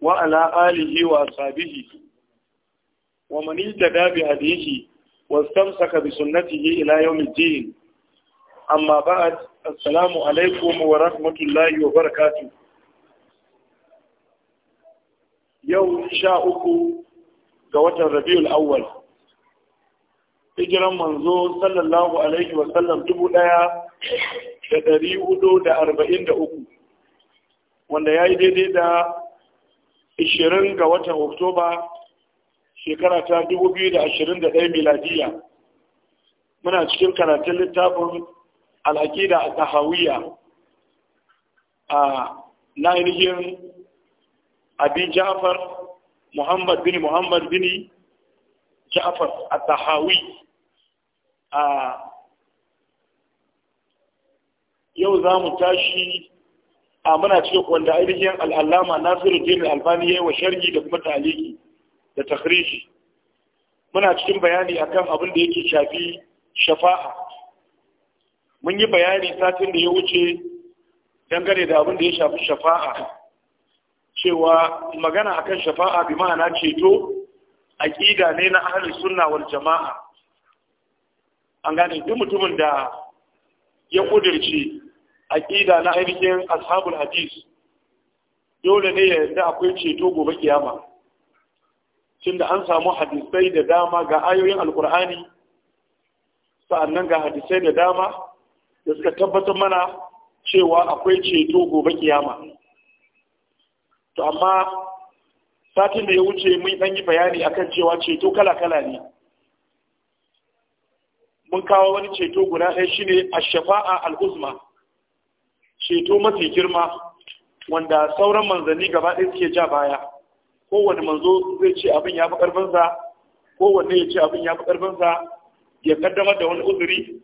وعلى آله وأصحابه ومن اهتدى بهديه واستمسك بسنته إلى يوم الدين أما بعد السلام عليكم ورحمة الله وبركاته يوم uku أكو watan الربيع الأول Ijiran manzo sallallahu alaihi wasallam dubu ɗaya da ɗari hudu da arba'in da uku wanda ya yi daidai da 20 ga watan oktoba shekara ta 2021 miladiya muna cikin karatun littafin al'aƙida a tahawiyya a na ainihin abi ja'far muhammad bin muhammad bin ja'far a tahawi a yau za mu tashi a muna cikin wanda ainihin al'allama jini albani ya yi wa sharhi da kuma taliki da takhrishi muna cikin bayani akan abin da yake shafi shafa'a mun yi bayani satin da ya wuce dangane da abin da ya shafi shafa'a cewa magana akan shafa'a bi ma'ana ceto aqida ne na ahlus sunna wal jama'a an gane duk mutumin da ya kudirce aqida na ainihin ashabul hadis dole ne yadda akwai ceto gobe kiyama da an samu hadisai da dama ga ayoyin alqur'ani sa'annan ga hadisai da dama da suka tabbatar mana cewa akwai ceto gobe kiyama to amma satin da ya wuce mun dan yi bayani akan cewa ceto kala-kala ne mun kawo wani ceto guda ɗaya shine ash-shafa'a al ceto mafi girma wanda sauran manzanni gaba ɗaya suke ja baya kowane manzo zai ce abin ya fi ƙarfinsa kowanne ya ce abin ya fi ƙarfinsa ya kaddamar da wani uzuri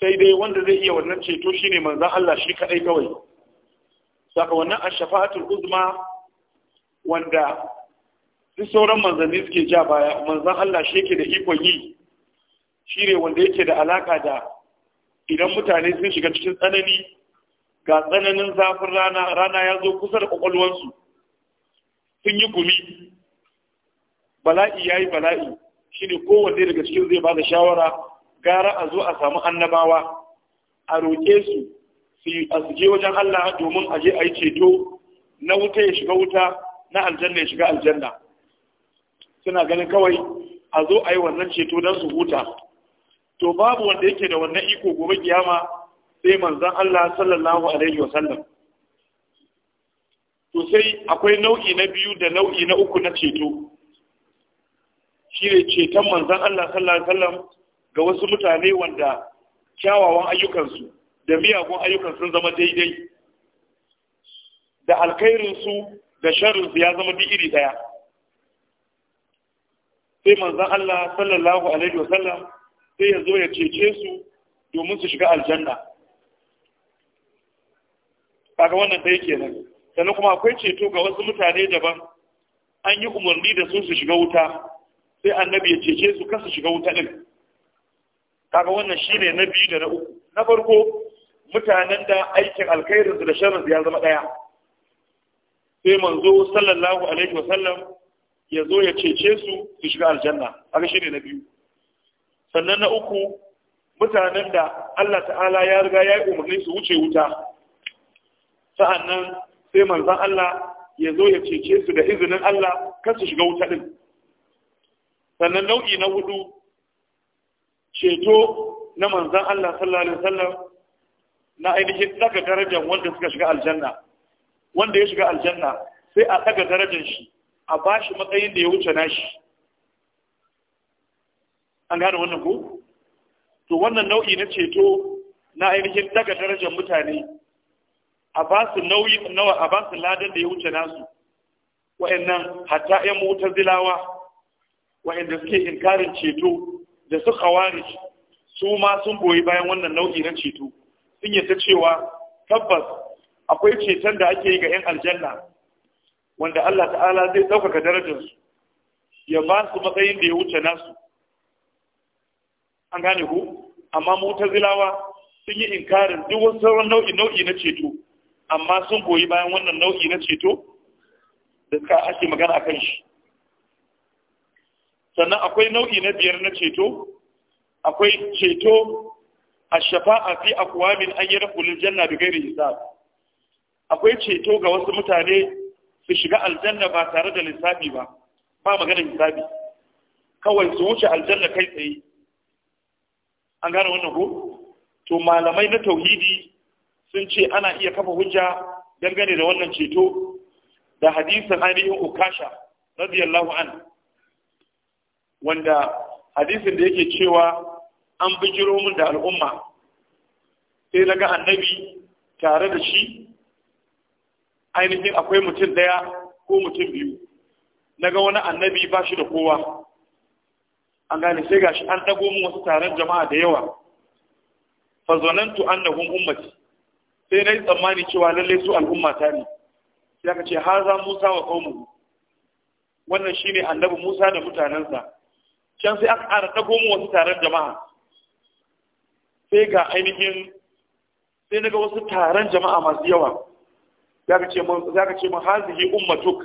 sai dai wanda zai iya wannan ceto shine manzan Allah shi kaɗai kawai saka wannan ashafa'atul uzma wanda duk sauran manzanni suke ja baya manzan Allah shi yake da ikon yi shi ne wanda yake da alaka da idan mutane sun shiga cikin tsanani ga tsananin zafin rana rana ya zo kusa da kwakwalwansu sun yi gumi bala'i ya yi bala'i shine kowanne daga cikin zai ba da shawara gara a zo a samu annabawa a roƙe su su je wajen Allah domin a je a yi ceto na wuta ya shiga wuta na aljanna ya shiga aljanna suna ganin kawai a zo a yi wannan ceto don su huta to babu wanda yake da wannan iko gobe kiyama sai manzan Allah sallallahu alaihi wasallam to sai akwai nau'i na biyu da nau'i na uku na ceto shi ne ceton manzan Allah sallallahu alaihi wasallam ga wasu mutane wanda kyawawan ayyukansu da miyagun ayyukan sun zama daidai da alkhairinsu da sharinsu ya zama bi iri daya sai manzan Allah sallallahu alaihi wasallam sai ya zo ya cece su domin su shiga aljanna kaga wannan dai kenan sannan kuma akwai ceto ga wasu mutane daban an yi umarni da su su shiga wuta sai annabi ya cece su su shiga wuta din kaga wannan shine na biyu da na uku na farko mutanen da aikin alkhairin su da sharrin ya zama ɗaya sai manzo sallallahu alaihi wa sallam ya zo ya cece su su shiga aljanna kaga shine na biyu sannan na uku mutanen da Allah ta'ala ya riga ya yi umarni su wuce wuta nan sai manzan Allah ya zo ya cece su da izinin Allah kan su shiga wuta ɗin. sannan nau'i na hudu ceto na manzan Allah sallallahu alaihi wasallam na ainihin daga darajar wanda suka shiga aljanna wanda ya shiga aljanna sai a ɗaga darajar shi a ba shi matsayin da ya wuce nashi an gane wannan ko to wannan nau'i na ceto na ainihin daga darajar mutane a ba su nauyi nawa a ba su ladan da ya wuce nasu wa'annan hatta ƴan zilawa wa'anda suke inkarin ceto da su khawarij su ma sun goyi bayan wannan nau'i na ceto sun yadda cewa tabbas akwai ceton da ake yi ga ƴan aljanna wanda Allah ta'ala zai ɗaukaka darajarsu ya ba su matsayin da ya wuce nasu an gane ku amma mutazilawa sun yi inkarin duk wasu sauran nau'i nau'i na ceto amma sun goyi bayan wannan nau'i na ceto da suka ake magana a kan shi sannan akwai nau'i na biyar na ceto akwai ceto a shafa'a fi akwamin an yi rakulun janna da gairi hisab akwai ceto ga wasu mutane su shiga aljanna ba tare da lissafi ba ba maganin hisabi kawai su wuce aljanna kai tsaye an gane wannan ko to malamai na tauhidi sun ce ana iya kafa hujja dangane da wannan ceto da hadisin ainihin ukasha radiyallahu an wanda hadisin da yake cewa an bijiro min da al'umma sai na ga annabi tare da shi ainihin akwai mutum ɗaya ko mutum biyu na ga wani annabi ba shi da kowa an gane sai gashi an dago mun wasu taron jama'a da yawa fazonantu annahum ummati sai na yi tsammani cewa lalle su al'ummata ne sai aka ce za musa wa qaumu wannan shine annabi musa da mutanensa can sai aka ƙara dago mu wasu taron jama'a sai ga ainihin sai naga wasu taron jama'a masu yawa za ka ce mun hazihi ummatuk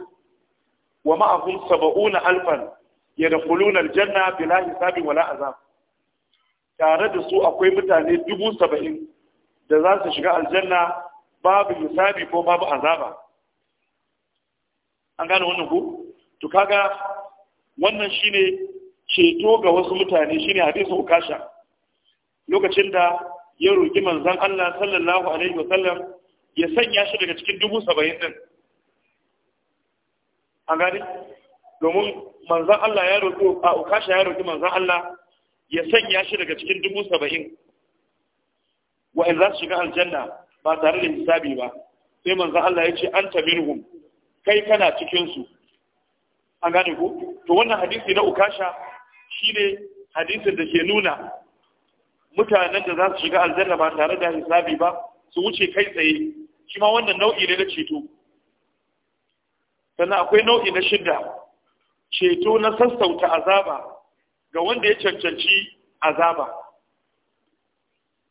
wa ma'ahum saba'una alfan ya da kulunar janna bila hisabi wala azab tare da su akwai mutane dubu saba'in da za su shiga aljanna babu yusabi ko babu azaba an gane wannan ku to kaga wannan shine ceto ga wasu mutane shine hadisin ukasha lokacin da ya roki manzon Allah sallallahu alaihi wasallam ya sanya shi daga cikin dubu saba'in din an gane domin manzon Allah ya roki a ukasha ya roki manzon Allah ya sanya shi daga cikin dubu saba'in wa'in za su shiga aljanna ba tare da hisabi ba sai manzo Allah ya ce anta minhum kai kana cikin su an gane ko to wannan hadisi na ukasha shi ne hadisin da ke nuna mutanen da za su shiga aljanna ba tare da hisabi ba su wuce kai tsaye shi ma wannan nau'i ne na ceto sannan akwai nau'i na shidda ceto na sassauta azaba ga wanda ya cancanci azaba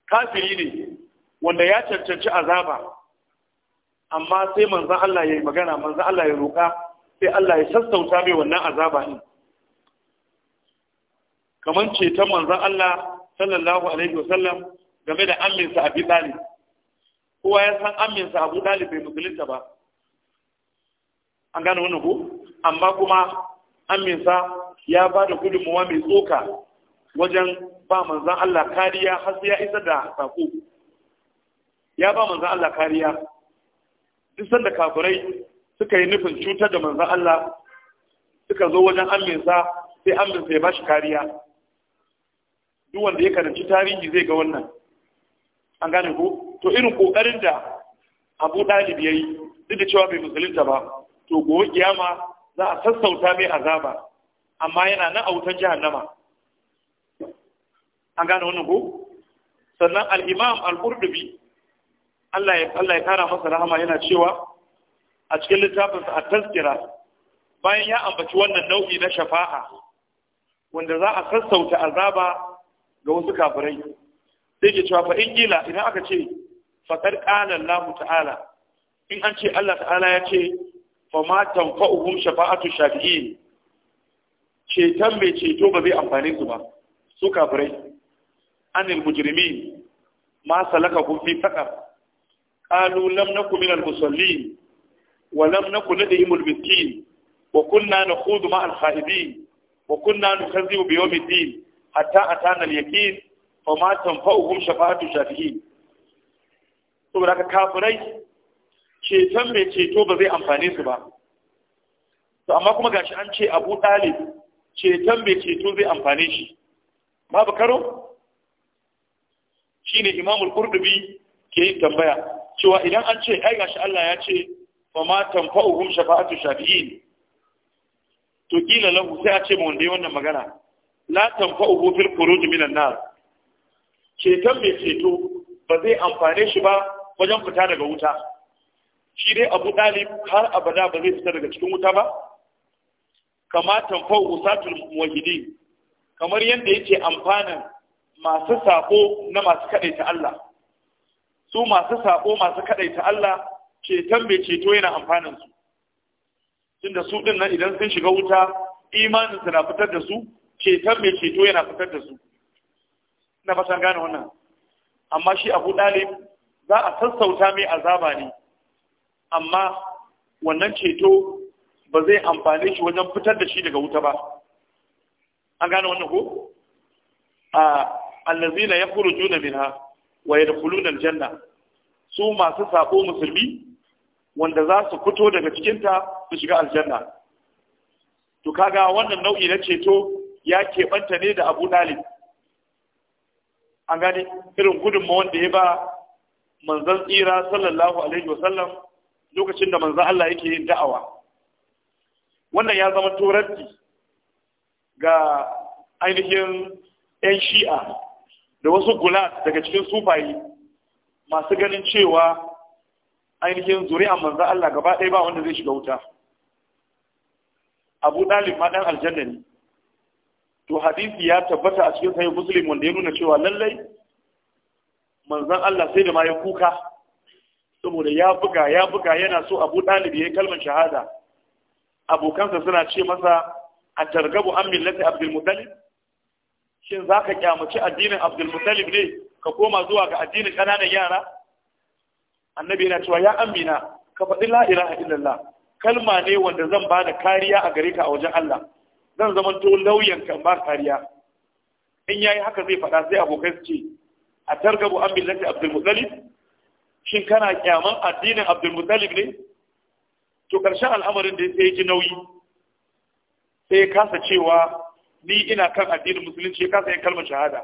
kafiri ne wanda ya cancanci azaba amma sai manzan Allah ya yi magana manzan Allah ya roƙa sai Allah ya sassauta mai wannan azaba ne kamar ceton manzan Allah sallallahu alaihi wasallam game da aminsa abi ɗalib kowa ya san aminsa abu ɗalib bai musulunta ba an gane wani ko amma kuma aminsa ya ba da gudunmuwa mai tsoka wajen ba manzan Allah kariya har sai ya isa da sako ya ba manzan Allah kariya duk sanda kafirai suka yi nufin cutar da manzan Allah suka zo wajen aminsa sai aminsa ya ba shi kariya duk wanda ya karanci tarihi zai ga wannan an gane ko to irin kokarin da abu dalib yayi duk da cewa bai musulunta ba to gobe kiyama za a sassauta mai azaba amma yana nan a wutan jahannama an gane wannan ko sannan al-imam al Allah ya Allah kara masa rahama yana cewa a cikin littafinsa a tazkira bayan ya ambaci wannan nau'i na shafa'a wanda za a sassauta azaba ga wasu kafirai sai ke cewa fa gila idan aka ce faqad qala Allah ta'ala in an ce Allah ta'ala ya ce fa ma tanfa'uhum shafa'atu shafi'in ceton mai ceto ba zai amfane su ba su kafirai anil mujrimin ma salakakum fi saqar qalu lam nakum minal musallin wa lam nakun nadhimul miskin wa kunna nakhudu ma'al khaibin wa kunna nukazzibu bi yawmiddin hatta atana al-yaqin fa ma tanfa'uhum shafa'atu shafi'in saboda ka kafirai ceton mai ceto ba zai amfane su ba to amma kuma gashi an ce abu ɗalib ceton mai ceto zai amfane shi babu karo shine imamul qurdubi ke yin tambaya cewa idan an ce ai gashi Allah ya ce fa ma tanfa'uhum shafa'atu shafi'in to kila lahu sai a ce mu wanda wannan magana la tanfa'uhu fil khuruj minan nar ceton mai ceto ba zai amfane shi ba wajen fita daga wuta shi dai abu dalib har abada ba zai fita daga cikin wuta ba kama tanfa'u usatul muwahhidin kamar yadda yake amfanan masu sako na masu kaɗaita Allah su masu sako masu kaɗaita Allah ceton mai ceto yana amfanin su tunda su ɗin nan idan sun shiga wuta imanin su na fitar da su ceton mai ceto yana fitar da su na fasan gane wannan amma shi abu ɗalib za a sassauta mai azaba ne amma wannan ceto ba zai amfane shi wajen fitar da shi daga wuta ba an gane wannan ko الذين يخرجون منها ويدخلون الجنة aljanna su masu sako musulmi wanda za su fito daga cikin ta su shiga aljanna to kaga wannan nau'i na ceto ya keɓanta ne da Abu Dalib. an gani irin gudunmu wanda ya ba manzan tsira sallallahu alaihi wasallam lokacin da manzan Allah yake yin da'awa wannan ya zama turanci ga ainihin 'yan shi'a da wasu gulat daga cikin sufayi masu ganin cewa ainihin zuri'an manzan Allah gaba ɗaya ba wanda zai shiga wuta abu ɗalib ma ɗan aljanna ne to hadisi ya tabbata a cikin sayin muslim wanda ya nuna cewa lallai manzan Allah sai da ma ya kuka saboda ya buga ya buga yana so abu ɗalib ya yi kalmar shahada abokansa suna ce masa a targabu an millata abdul shin za ka kyamaci addinin abdulmutalib ne ka koma zuwa ga addinin ƙananan yara annabi yana cewa ya amina ka faɗi la ilaha illallah kalma ne wanda zan ba da kariya a gare ka a wajen Allah zan zama to lauyan kan ba kariya in yayi haka zai faɗa sai abokai su ce a targabu an millati abdulmutalib shin kana kyaman addinin abdulmutalib ne to karshen al'amarin da ya ji nauyi sai ya kasa cewa ni ina kan addinin musulunci ya kasa yin kalmar shahada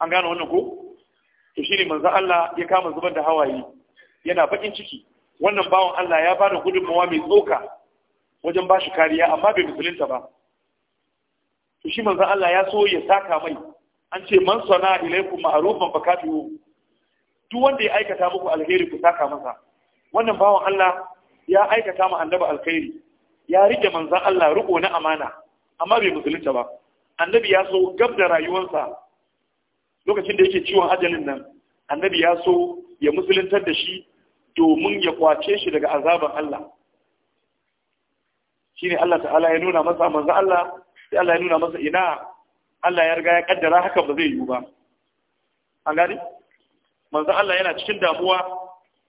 an gane wannan ko to shine manzo Allah ya kama zubar da hawaye yana bakin ciki wannan bawan Allah ya bada gudunmawa mai tsoka wajen bashi kariya amma bai musulunta ba to shi manzo Allah ya so ya saka mai an ce man sana ilaikum ma'rufan fakatu duk wanda ya aikata muku alheri ku saka masa wannan bawan Allah ya aikata mu annabi alkhairi ya rike manzan Allah riko na amana amma bai musulunta ba annabi ya so gab da rayuwarsa lokacin da yake ciwon ajalin nan annabi ya so ya musuluntar da shi domin ya kwace shi daga azaban Allah shine Allah ta'ala ya nuna masa manzo Allah sai Allah ya nuna masa ina Allah ya riga ya kaddara haka ba zai yi ba an gani manzo Allah yana cikin damuwa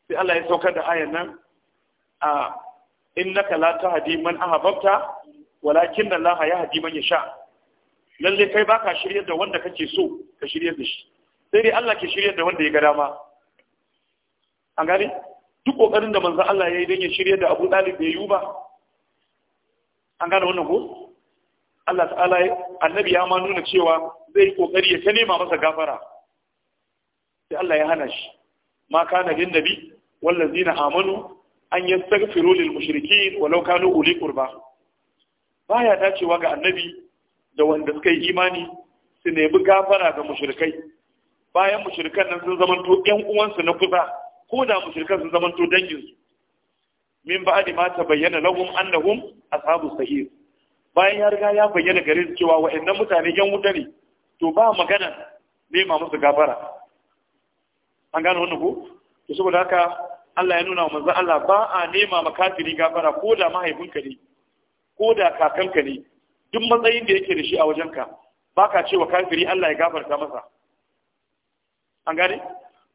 sai Allah ya saukar da ayan nan a innaka la tahdi man ahbabta walakin Allah ya hadi man sha. lalle kai baka shiryar da wanda kake so ka shiryar da shi sai dai Allah ke shiryar da wanda ya ga dama an gane duk kokarin da manzo Allah ya yi don ya shiryar da Abu Talib bai yi ba an gane wannan ko Allah ta'ala annabi ya ma nuna cewa zai kokari ya ta nema masa gafara sai Allah ya hana shi ma kana bin nabi wallazina amanu an yastaghfiru lil mushrikeen walau kanu uli qurbah baya dacewa ga annabi da wanda suka yi imani su nemi gafara ga mushrikai bayan mushrikan nan sun zamanto ƴan uwansu na kusa ko da mushrikan sun zamanto dangin su min ba'di ma bayyana lahum annahum ashabus sa'ir bayan ya riga ya bayyana gare su cewa wa'annan mutane ƴan wuta ne to ba magana nema musu gafara an gane wannan ko to saboda haka Allah ya nuna wa manzon Allah ba a nema makafiri gafara ko da mahaifinka ne ko da kakanka ne duk matsayin da yake da shi a wajenka ba ka cewa kafiri Allah ya gafarta masa an gane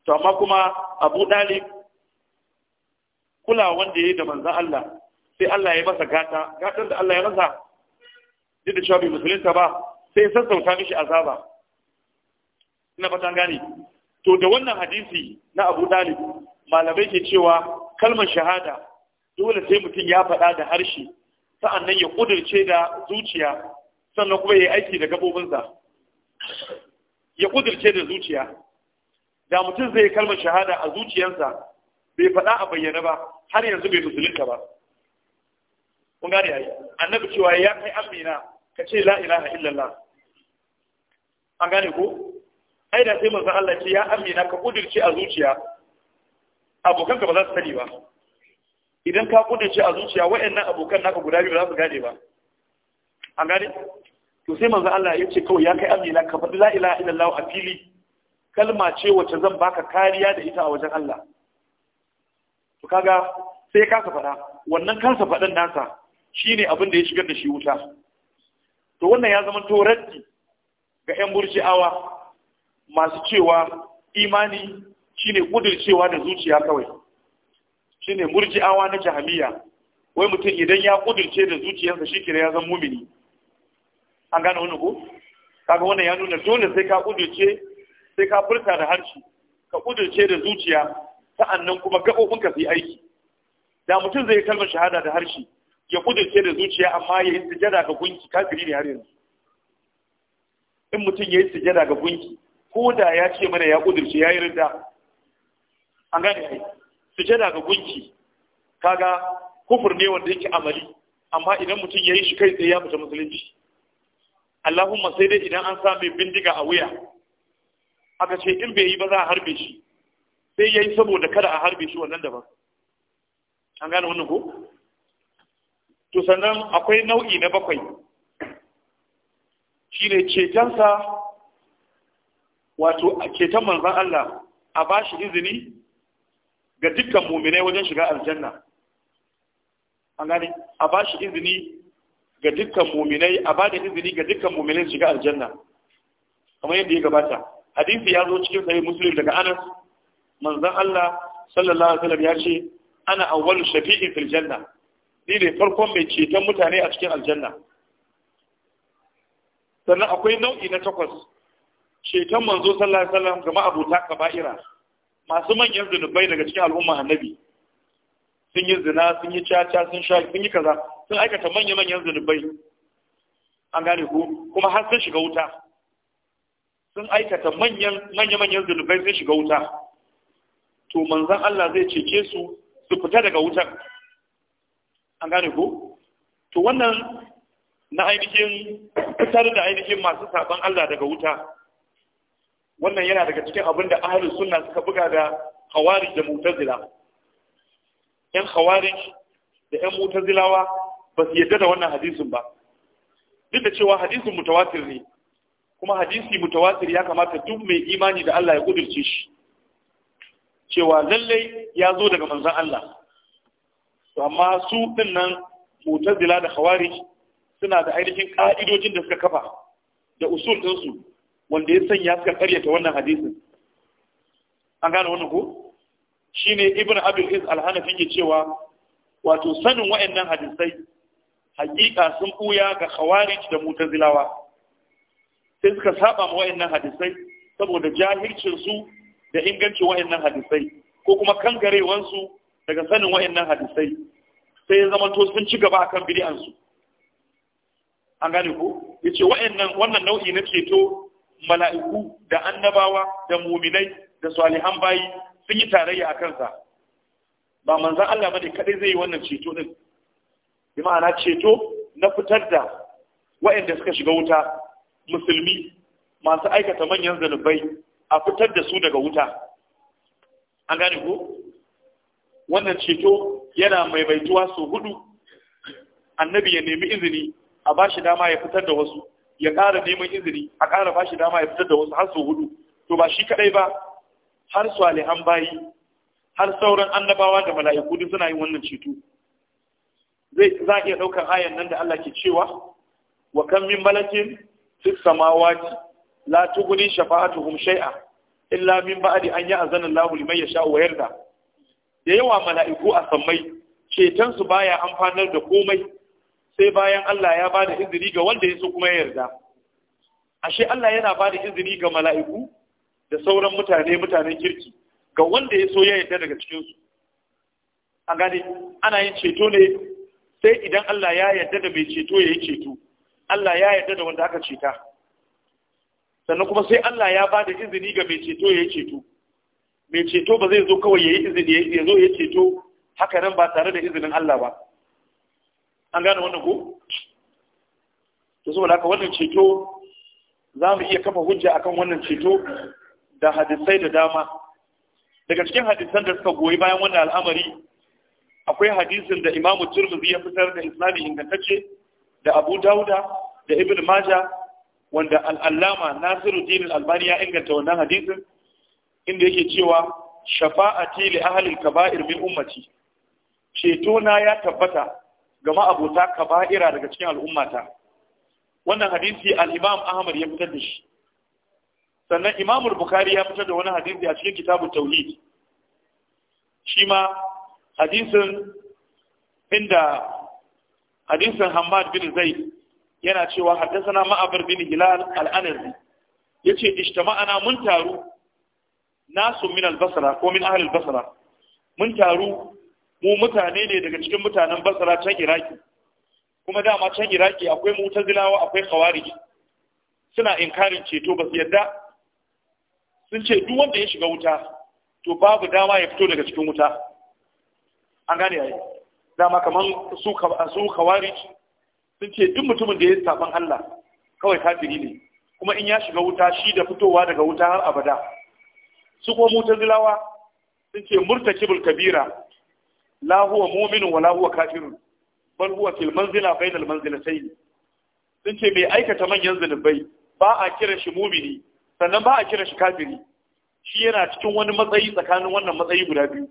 to amma kuma Abu dali kula wanda yayi da manzon Allah sai Allah ya masa gata gatan da Allah ya masa duk da cewa bai musulunta ba sai sassauta mishi azaba ina fatan gane to da wannan hadisi na Abu dali malamai ke cewa kalmar shahada dole sai mutum ya faɗa da harshe sa'annan ya kudirce da zuciya sannan kuma ya yi aiki da gabobinsa ya kudirce da zuciya da mutum zai kalmar shahada a zuciyarsa bai faɗa a bayyana ba har yanzu bai musulunta ba kun gane yayi annabi cewa ya kai amina ka ce la ilaha illallah an gane ko ai da sai manzon Allah ce ya amina ka kudirce a zuciya abokanka ba za su sani ba idan ka kudince a zuciya wayannan abokan naka guda biyu ba za su gane ba an gane to sai manzo Allah ya ce kawai ya kai amina ka faɗi la ilaha illallah a fili kalma ce wacce zan baka kariya da ita a wajen Allah to kaga sai kasa faɗa wannan kansa faɗin nasa shine abin da ya shigar da shi wuta to wannan ya zama to ga yan burji'awa masu cewa imani shine kudircewa da zuciya kawai shine murji'awa na jahiliya wai mutum idan ya kudirce da zuciyarsa shi kira ya zan mumini an gane wani ko kaga wannan ya nuna dole sai ka kudirce sai ka furta da harshe ka kudirce da zuciya sa'annan kuma gabobin ka fi aiki da mutum zai kalmar shahada da harshe ya kudirce da zuciya amma ya yi sujada ga gunki kafiri ne har yanzu in mutum ya yi sujada ga gunki ko da ya ce mana ya kudirce ya yi rinda an gane yi sujada daga gunki kaga kufur ne wanda yake amali amma idan mutum ya yi shi kai tsaye ya fita musulunci Allahumma sai dai idan an same bindiga a wuya aka ce in bai yi ba za a harbe shi sai ya yi saboda kada a harbe shi wannan daban an gane wannan ko to sannan akwai nau'i na bakwai shi ne cetonsa wato ceton manzan Allah a ba shi izini ga dukkan mumine wajen shiga aljanna an gani a ba shi izini ga dukkan mumine a ba da izini ga dukkan mumine shiga aljanna kamar yadda ya gabata hadisi ya zo cikin sahih muslim daga anas manzon Allah sallallahu alaihi wasallam ya ce ana awwalu shafi'i fil janna ni ne farkon mai ceton mutane a cikin aljanna sannan akwai nau'i na takwas ceton manzo sallallahu alaihi wasallam ga ma'abuta kaba'ira masu manyan zunubai daga cikin al'umma annabi sun yi zina sun yi caca sun sha sun yi kaza sun aikata manya manyan zunubai an gane ku kuma har sun shiga wuta sun aikata manyan manyan manyan zunubai sun shiga wuta to manzon Allah zai cece su su fita daga wutar an gane ku to wannan na ainihin fitar da ainihin masu saban Allah daga wuta wannan yana daga cikin abin da ahlus sunna suka buga da khawarij da mu'tazila yan khawarij da yan mu'tazilawa ba su yadda da wannan hadisin ba duk da cewa hadisin mutawatir ne kuma hadisi mutawatir ya kamata duk mai imani da Allah ya kudirce shi cewa lallai ya zo daga manzon Allah to amma su dinnan mu'tazila da khawarij suna da ainihin ka'idojin da suka kafa da usul ɗinsu wanda ya sanya suka karyata wannan hadisin an gane wannan ko shine ibn abul iz al-hanafi ke cewa wato sanin wa'annan hadisai hakika sun buya ga khawarij da mutazilawa sai suka saba ma wa'annan hadisai saboda jahilcin su da ingancin wa'annan hadisai ko kuma kangarewan su daga sanin wa'annan hadisai sai ya zama to sun ci gaba akan bid'an su an gane ko yace wa'annan wannan nau'i na ceto mala'iku da annabawa da muminai da salihan bayi sun yi tarayya a kansa ba manzan Allah ba ne kaɗai zai yi wannan ceto ɗin bi ma'ana ceto na fitar da waɗanda suka shiga wuta musulmi masu aikata manyan zanubai a fitar da su daga wuta an gane ko wannan ceto yana maimaituwa sau hudu annabi ya nemi izini a ba shi dama ya fitar da wasu ya ƙara neman izini a ƙara ba shi dama ya fitar da wasu har hudu to ba shi kaɗai ba har salihan bayi har sauran annabawa da mala'iku duk suna yin wannan ceto zai za iya ɗaukar ayan nan da Allah ke cewa wa kan min malakin fis samawati la tughni shafa'atuhum shay'a illa min ba'di an ya'zana Allahu liman yasha wa yarda da yawa mala'iku a sammai ceton su baya amfanar da komai sai bayan Allah ya bada izini ga wanda ya so kuma ya yarda ashe Allah yana bada izini ga mala'iku da sauran mutane mutanen kirki ga wanda ya so ya yarda daga cikin su a gane ana yin ceto ne sai idan Allah ya yarda da mai ceto ya yi ceto Allah ya yarda da wanda aka ceta sannan kuma sai Allah ya bada izini ga mai ceto ya yi ceto mai ceto ba zai zo kawai ya yi izini ya zo ya ceto haka nan ba tare da izinin Allah ba an gane wannan ko to saboda haka wannan ceto za mu iya kafa hujja akan wannan ceto da hadisai da dama daga cikin hadisan da suka goyi bayan wannan al'amari akwai hadisin da imamu Tirmidhi ya fitar da islami ingantacce da Abu Dauda da Ibn Maja, wanda al Nasiru, Nasiruddin al-Albani ya inganta wannan hadisin inda yake cewa shafa'ati li ahli al-kaba'ir min ummati ceto na ya tabbata gama abota kaba'ira daga cikin al'ummata wannan hadisi al-imam ahmad ya fitar da shi sannan imam bukhari ya fitar da wani hadisi a cikin kitabun tauhid shi ma hadisin inda hadisin hamad bin zaid yana cewa haddasana ma'abar bin hilal al-anazi yace ishtama'ana mun taru nasu min al-basra ko min ahli al-basra mun taru mu mutane ne daga cikin mutanen basara can iraki kuma dama can iraki akwai mutazilawa akwai khawarij suna inkarin ceto ba su yadda sun ce duk wanda ya shiga wuta to babu dama ya fito daga cikin wuta an gane yayi dama kaman su su khawarij sun ce duk mutumin da ya saban Allah kawai kafiri ne kuma in ya shiga wuta shi da fitowa daga wuta har abada su kuma mutazilawa sun ce murtakibul kabira لا هو مؤمن wa هو كافر بل هو في fil بين المنزلتين manzilatayn sun ce mai aikata بي با ba a kiran shi اكرش sannan ba a shi kafiri shi yana cikin wani matsayi tsakanin wannan matsayi guda biyu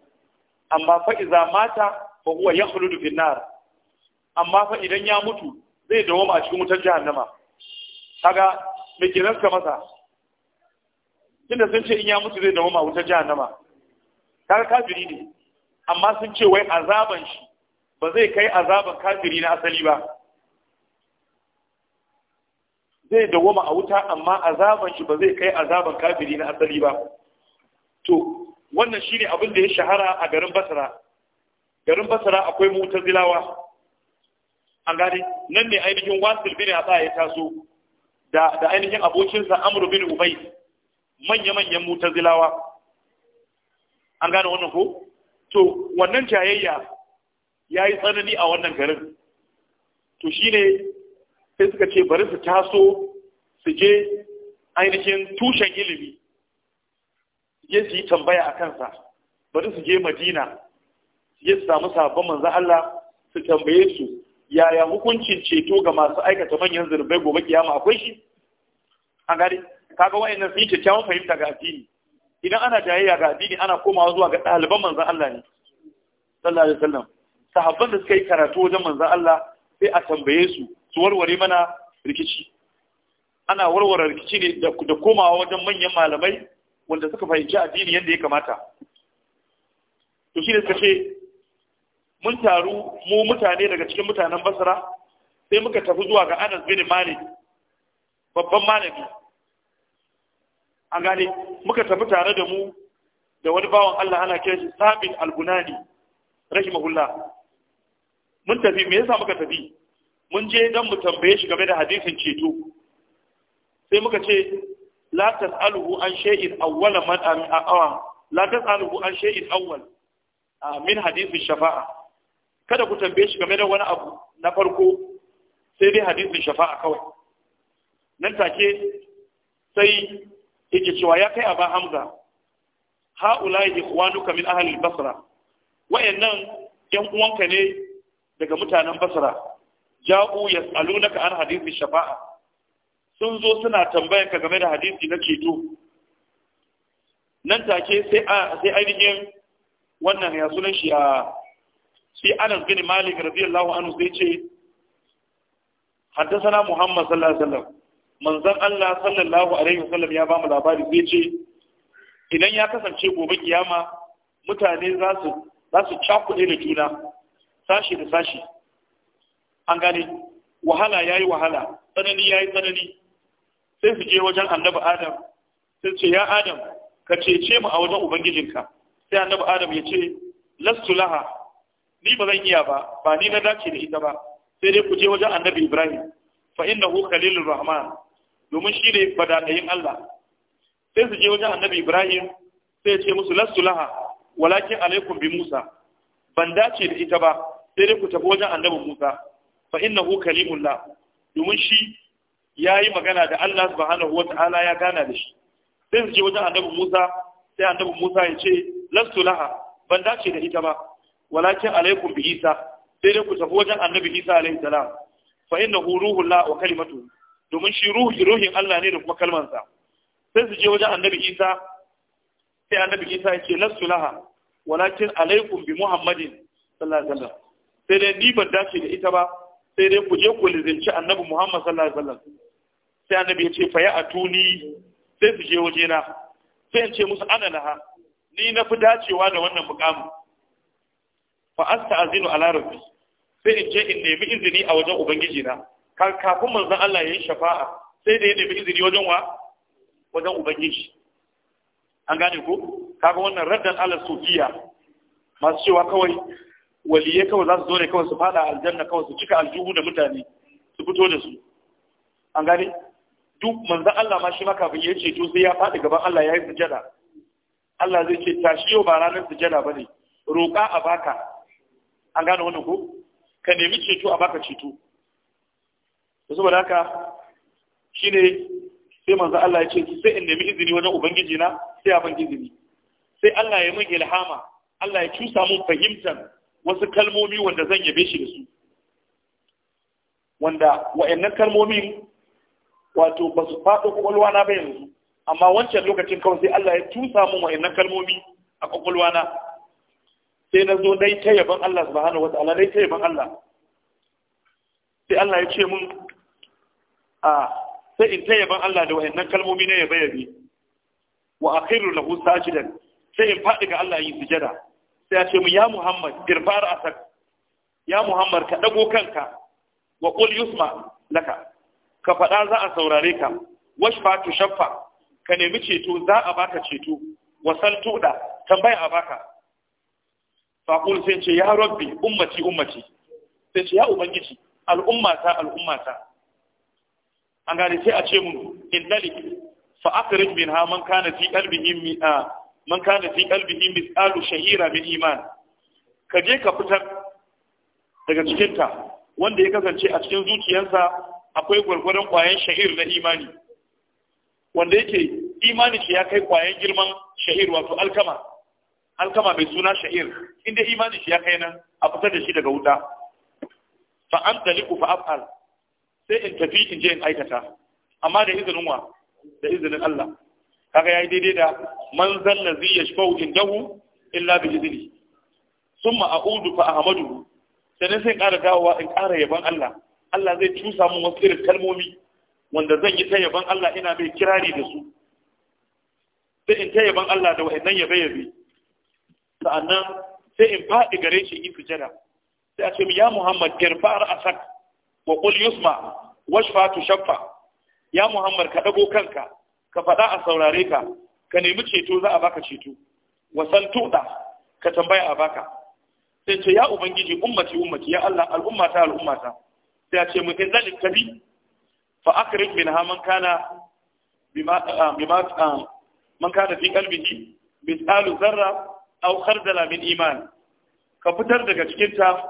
amma fa iza mata fa huwa yakhludu fi nar amma fa idan ya mutu zai dawoma a cikin wutar jahannama kaga me kiran ka masa tunda sun ce in ya mutu zai dawoma a wutar jahannama kaga kafiri ne amma sun ce wai azaban shi ba zai kai azaban kafiri na asali ba zai dawoma a wuta amma azaban shi ba zai kai azaban kafiri na asali ba to wannan shine abin da ya shahara a garin basra garin basra akwai mutazilawa an gane nan ne ainihin wasil bin atsa ya taso da da ainihin abokinsa amru bin ubay manya manyan mutazilawa an gane wannan ko to wannan jayayya ya yi tsanani a wannan garin to shi ne sai suka ce bari su taso su je ainihin tushen ilimi je su yi tambaya a kansa bari su je madina je su samu sabon manza Allah su tambaye su yaya hukuncin ceto ga masu aikata manyan zurbai gobe kiyama akwai shi a gari kaga wayannan sun yi kyakkyawan fahimta ga addini idan ana jayayya ga addini ana komawa zuwa ga ɗaliban manzan Allah ne sallallahu alaihi wasallam sahabban da suka yi karatu wajen manzan Allah sai a tambaye su su warware mana rikici ana warware rikici ne da komawa wajen manyan malamai wanda suka fahimci addini yadda ya kamata to shi ne suka ce mun taru mu mutane daga cikin mutanen basra sai muka tafi zuwa ga anas bin malik babban malami an gane muka tafi tare da mu da wani bawan Allah ana kiran shi Sabit Al-Bunani rahimahullah mun tafi me yasa muka tafi mun je dan mu tambaye shi game da hadisin ceto sai muka ce la tas'aluhu an shay'in awwala man awa la tas'aluhu an shay'in awwal min hadisi shafa'a kada ku tambaye shi game da wani abu na farko sai dai hadisin shafa'a kawai nan take sai yake cewa ya kai aba hamza ha'ula ikhwanuka min ahli basra wayannan yan uwanka ne daga mutanen basra ja'u yas'alunaka an hadisi shafa'a sun zo suna ka game da hadisi na ceto nan take sai sai ainihin wannan ya sunan shi a sai Anas bin Malik radiyallahu anhu sai ce حدثنا محمد صلى الله عليه manzan Allah sallallahu alaihi wasallam ya bamu labari zai ce idan ya kasance gobe kiyama mutane za su za su cakuɗe da juna sashi da sashi an gane wahala ya yi wahala tsanani ya yi tsanani sai su je wajen annabi Adam sai ce ya Adam ka cece mu a wajen ubangijinka sai annabi Adam ya ce lastu laha ni ba zan iya ba ba ni na dace da ita ba sai dai ku je wajen annabi Ibrahim fa innahu khalilur rahman domin shi ne fadaɗayin Allah sai su je wajen annabi Ibrahim sai ce musu lastu laha walakin alaikum bi Musa ban dace da ita ba sai dai ku tafi wajen annabi Musa fa innahu kalimullah domin shi ya yi magana da Allah subhanahu wata'ala ya gana da shi sai su je wajen annabi Musa sai annabi Musa ya ce lastu laha ban dace da ita ba walakin alaikum bi Isa sai dai ku tafi wajen annabi Isa alaihi salam fa innahu ruhullah wa kalimatuhu domin shi ruhi ruhin Allah ne da kuma kalmansa sai su je wajen annabi Isa sai annabi Isa ya ce lasu laha walakin alaikum bi Muhammadin sallallahu alaihi wasallam sai dai ni ban dace da ita ba sai dai ku je ku lizinci annabi Muhammad sallallahu alaihi wasallam sai annabi ya ce fa ya atuni sai su je waje na sai ce musu ana laha ni na fi dacewa da wannan mukamin fa asta'zinu ala rabbi sai in je in nemi izini a wajen ubangiji na kafin manzan Allah ya yi shafa'a sai da ya nemi izini wajen wa wajen ubangiji an gane ku kaga wannan raddan ala sufiya masu cewa kawai waliyai kawai za su zo ne kawai su fada aljanna kawai su cika aljuhu da mutane su fito da su an gane duk manzan Allah ma shi maka bin ya ce to sai ya faɗi gaban Allah ya yi sujada Allah zai ce tashi yau ba ranar sujada ba ne. roƙa a baka an gane wannan ku. ka nemi ceto a baka ceto to saboda haka shine sai manzo Allah ya ce sai in nemi izini wajen ubangiji na sai abin izini sai Allah ya min ilhama Allah ya cusa mun fahimtar wasu kalmomi wanda zan yabe shi da su wanda wa'annan kalmomin wato ba su faɗo kwakwalwa na ba yanzu amma wancan lokacin kawai sai Allah ya tusa mun wa'annan kalmomi a kwakwalwa na sai na zo dai ta yaban Allah subhanahu wata'ala dai ta yaban Allah sai Allah ya ce mun a sai in ta yaban Allah da wayannan kalmomi na yabe yabe wa akhiru lahu sajidan sai in faɗi ga Allah yin sujada sai ya ce mu ya Muhammad irfar asak ya Muhammad ka dago kanka wa qul yusma laka ka faɗa za a saurare ka washfa tu shaffa ka nemi ceto za a baka ceto saltu da tambaya a baka qul sai ce ya rabbi ummati ummati sai ce ya ubangiji al'ummata al'ummata an gane sai a ce mu indalik fa akhrij minha man kana fi qalbihi mi'a man kana fi qalbihi mithqalu shahira min iman ka je ka fitar daga cikin ta wanda ya kasance a cikin zuciyarsa akwai gwargwaron kwayan shahir na imani wanda yake imani ce ya kai kwayan girman shahir wato alkama alkama mai suna shahir inda imani shi ya kai nan a fitar da shi daga wuta fa an taliku fa af'al sai in tafi in je in aikata amma da izinin wa da izinin Allah kaga yayi daidai da man zallazi yashfau indahu illa bi idni summa a'udu fa ahmadu sai sai ƙara dawowa in kara yaban Allah Allah zai tusa mun wasu irin kalmomi wanda zan yi ta yaban Allah ina mai kirari da su sai in ta yaban Allah da wa'annan yabe yabe sa'annan sai in faɗi gare shi in sujada sai a ce ya Muhammad irfa ra'asak wa qul yusma washfa tushaffa ya muhammad ka dago kanka ka faɗa a saurare ka ka nemi ceto za a baka ceto wa san tuɗa ka tambaya a baka sai ce ya ubangiji ummati ummati ya Allah al'ummata al'ummata sai ya ce mu in zalik tabi fa akrim min ha man kana bima bima man kana fi qalbihi misalu zarra aw khardala min iman ka fitar daga cikin ta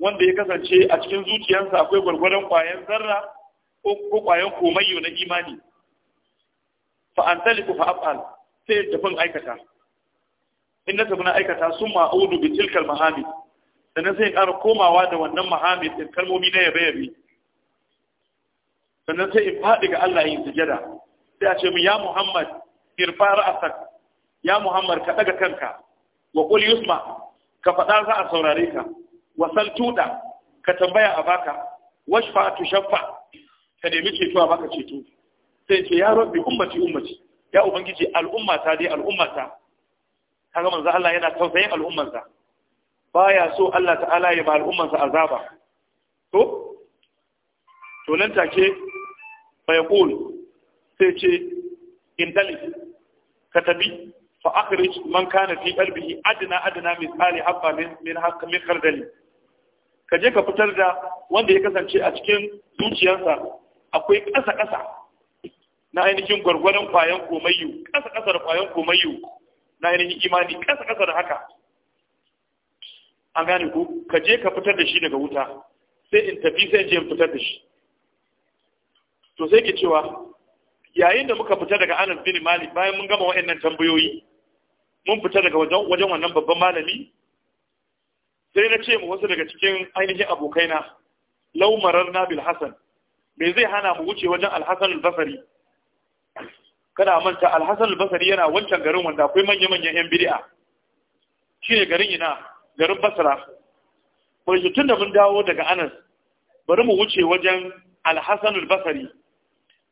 wanda ya kasance a cikin zuciyarsa akwai gwargwadon ƙwayan zarra ko ƙwayan komayyo na imani fa an fa'afal fa sai ya tafi aikata in na tafi na aikata sun ma'audu bi tilkal da sannan sai ya ƙara komawa da wannan muhammad ɗin kalmomi na yabe-yabe sannan sai in faɗi ga Allah yin sujada sai a ce mu ya Muhammad irfa ra'asak ya Muhammad ka ɗaga kanka wa ƙuli yusma ka faɗa za a saurare ka Wasan tuda ka tambaya a baka washfa tushaffa ka nemi ceto a baka ceto sai ce ya rabbi ummati ummati ya ubangiji al'ummata dai al'ummata kaga manzo Allah yana tausayin al'ummansa baya so Allah ta'ala ya ba al'ummansa azaba to to nan take bai qul sai ce indali ka tabi fa akhrij man kana fi qalbihi adna adna misali habba min min hakka min khardali ka je ka fitar da wanda ya kasance a cikin zuciyarsa akwai ƙasa-ƙasa na ainihin gwargwadon kwayan komayu ƙasa-ƙasa da kwayan komayu na ainihin imani ƙasa-ƙasa da haka an gane ku ka je ka fitar da shi daga wuta sai in tafi sai in je in fitar da shi to sai ke cewa yayin da muka fita daga Anas bin Malik bayan mun gama wa'annan tambayoyi mun fita daga wajen wannan babban malami sai na ce mu wasu daga cikin ainihin abokaina Laumarar Nabil Hassan, mai me zai hana mu wuce wajen alhassan albasari kada manta alhassan albasari yana wancan garin wanda akwai manya-manyan yan Shi ne garin ina garin basra mun tun da mun dawo daga anas bari mu wuce wajen alhassan albasari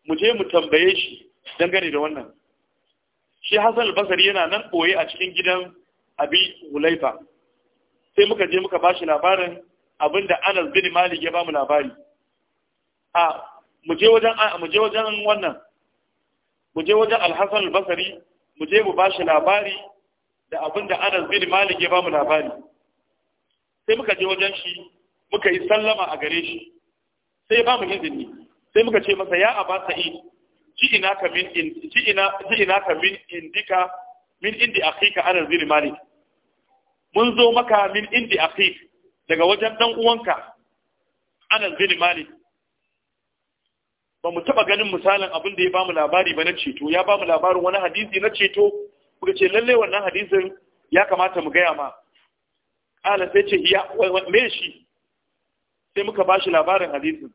mu je mu tambaye shi dangane da wannan shi hassan albasari yana nan koye a cikin gidan abi hulaifa sai muka je muka bashi labarin abinda Anas bin Malik ya ba mu labari a mu je wajen mu je wajen wannan mu je wajen Al-Hasan al-Basri mu je mu bashi labari da abinda Anas bin Malik ya ba mu labari sai muka je wajen shi muka yi sallama a gare shi sai ya ba mu izini sai muka ce masa ya Aba Sa'id ji ina ka min ji ina ji ina ka min indika min indi akhika Anas bin Malik mun zo maka min indi akhi daga wajen dan uwanka Anas bin Malik ba mu taba ganin misalin abin da ya bamu labari ba na ceto ya bamu labarin wani hadisi na ceto kuka ce lalle wannan hadisin ya kamata mu gaya ma ala sai ce ya me shi sai muka bashi labarin hadisin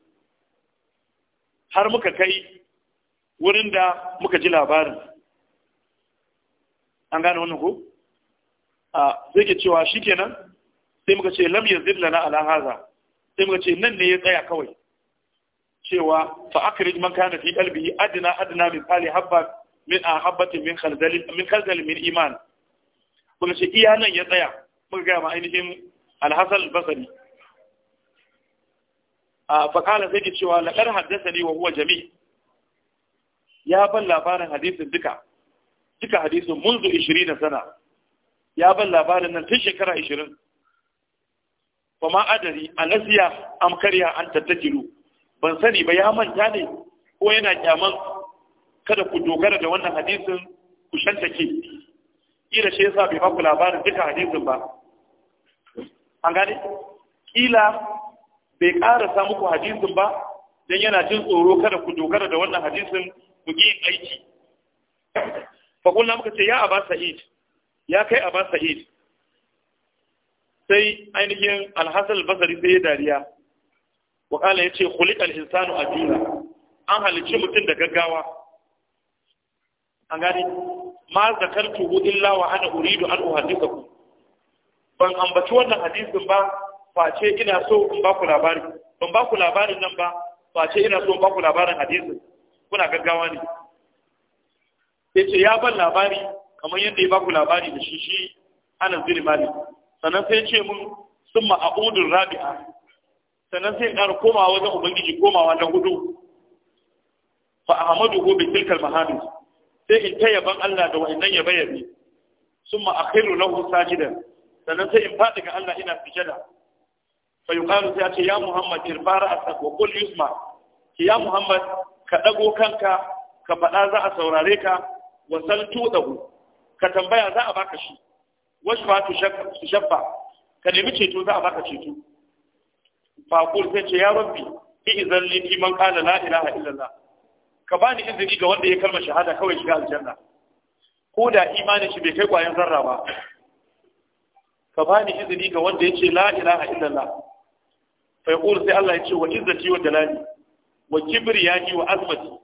har muka kai wurin da muka ji labarin an gane wannan ko sai ke cewa shi kenan sai muka ce lam zirla na ala haza sai muka ce nan ne ya tsaya kawai cewa fa akhrij man kana fi qalbihi adna adna min qali habba min ahabbatin min khaldal min khaldal min iman muka ce iya nan ya tsaya muka ga ma ainihin alhassan hasan al-basri fa sai ke cewa haddasa ne wa huwa jami' ya ban labarin hadisin duka duka hadisin منذ 20 sana ya ban labarin nan tun shekara ashirin ba ma adari a nasiya an karya an tattakilu ban sani ba ya manta ne ko yana kyaman kada ku dogara da wannan hadisin ku shantake kila shi yasa bai baku labarin duka hadisin ba an gane kila bai karasa muku hadisin ba don yana jin tsoro kada ku dogara da wannan hadisin ku yi aiki fa muka ce ya ba sa'id ya kai a ban sa'id sai ainihin alhassan basari sai ya dariya wakala ya ce kulik al'insanu a juna an halicci mutum da gaggawa an gani ma tuhu illa wa ana uridu an uhadisa ku ban ambaci wannan hadisin ba face ina so in ba ku labari ban ba ku labarin nan ba face ina so in ba ku labarin hadisin kuna gaggawa ne ya ce ya ban labari kamar yadda ya baku labari da shi shi ana bin malik sannan sai ce mun summa a'udun rabi'a sannan sai ƙara komawa wajen ubangiji komawa na hudu fa ahmaduhu bi tilkal mahamid sai in ta yaban Allah da wa'annan yabe yabe summa akhiru lahu sajidan sannan sai in faɗi ga Allah ina sujada fa yuqalu sai ce ya muhammad irfara asaq wa qul yusma ki ya muhammad ka dago kanka ka faɗa za a saurare ka wa sal tudahu ka tambaya za a baka shi wasu ba su shabba ka nemi ceto za a baka ceto faƙul sai ce ya rabbi i'izan li fi man qala la ilaha illallah ka bani izini ga wanda ya kalma shahada kawai shiga aljanna ko da imanin shi bai kai kwayan zarra ba ka bani izini ga wanda ya ce la ilaha illallah fa yaqul sai Allah ya ce wa izzati wa dalali wa ki wa azmati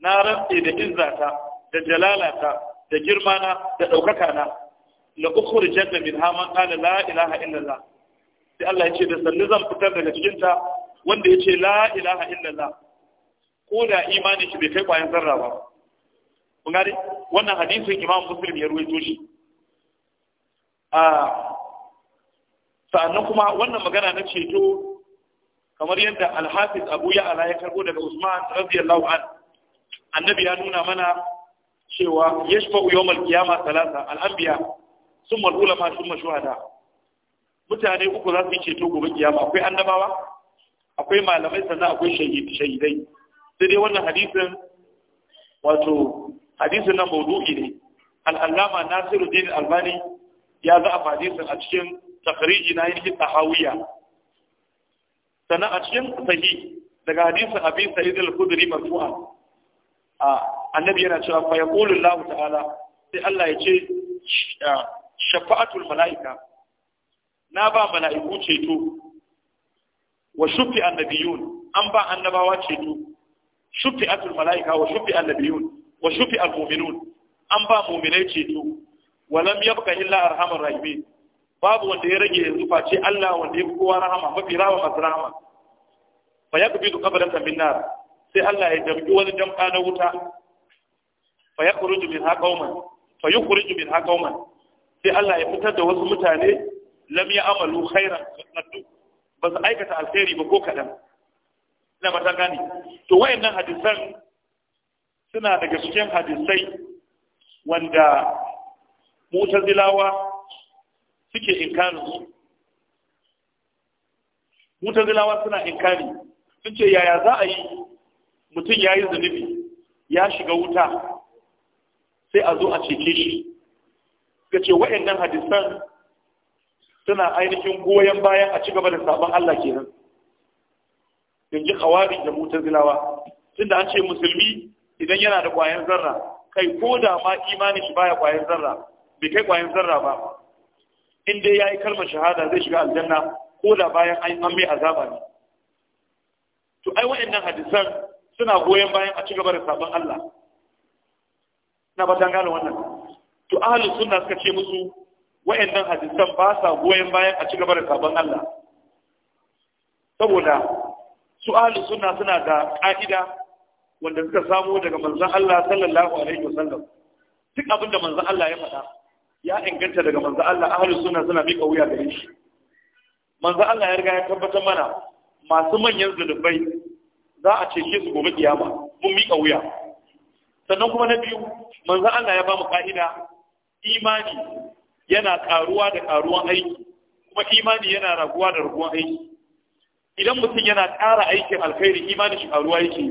na rantse da izzata da jalalata da girma na da ɗaukaka na la ukhrijan min haman qala la ilaha illallah sai Allah ya ce da sannu zan fitar daga cikin ta wanda ya ce la ilaha illallah ko da imani shi bai kai kwayan zarra ba kun gani wannan hadisin imam muslim ya ruwaito shi a sa'annan kuma wannan magana na ceto kamar yadda alhafiz abu ya ala ya karbo daga usman radiyallahu an annabi ya nuna mana cewa yashfa'u yawmal qiyama salasa al-anbiya summa al-ulama summa shuhada mutane uku za su yi ceto gobe kiyama akwai annabawa akwai malamai sannan akwai shahidai sai dai wannan hadisin wato hadisin na maudu'i ne al-allama Nasiruddin Albani ya za a hadisin a cikin takhriji na yin tahawiya sannan a cikin sahih daga hadisin Abi Sa'id al-Khudri marfu'an annabi yana cewa fa yaqulu Allah ta'ala sai Allah ya ce shafa'atul mala'ika na ba mala'iku ceto wa shufi annabiyun an ba annabawa ceto shuffi atul mala'ika wa shufi annabiyun wa shufi almu'minun an ba mu'minai ceto wa lam yabqa illa arhamar rahimin babu wanda ya rage yanzu face Allah wanda ya fi kowa rahama mafi rawa masu rahama fa yaqbidu qabran min nar sai Allah ya dambi wani jam'a na wuta fa yakhruju min haqauman fa yukhriju min haqauman sai Allah ya fitar da wasu mutane lam amalu khairan sunnatu ba su aikata alkhairi ba ko kadan ina ba ta gani. to wayannan hadisan suna daga cikin hadisai wanda mutazilawa suke inkarin su mutazilawa suna inkari sun ce yaya za a yi mutum ya yi zunubi ya shiga wuta sai a zo a cece shi ga ce wa'annan hadisan suna ainihin goyon bayan a ci gaba da sabon Allah kenan yanzu kawari da zinawa. tunda an ce musulmi idan yana da ƙwayan zarra kai ko da ma imanin shi baya ƙwayan zarra bai kai ƙwayan zarra ba in dai yayi kalmar shahada zai shiga aljanna ko da bayan an mai azaba ne to ai wa'annan hadisan suna goyon bayan a ci gaba da sabon Allah na ba dan gane wannan to ahlus sunna suka ce musu wayannan hadisan ba sa goyon bayan a ci gaba da sabon Allah saboda su ahlus sunna suna da ka'ida wanda suka samo daga manzon Allah sallallahu alaihi wasallam duk abin da manzon Allah ya faɗa ya inganta daga manzon Allah ahlus sunna suna mika wuya da shi manzon Allah ya riga ya tabbatar mana masu manyan zulubai za a cece su gobe kiyama mun miƙa wuya sannan kuma na biyu manzo Allah ya ba mu ka'ida imani yana karuwa da karuwan aiki kuma imani yana raguwa da raguwan aiki idan mutum yana ƙara aikin alkhairi imanin shi karuwa yake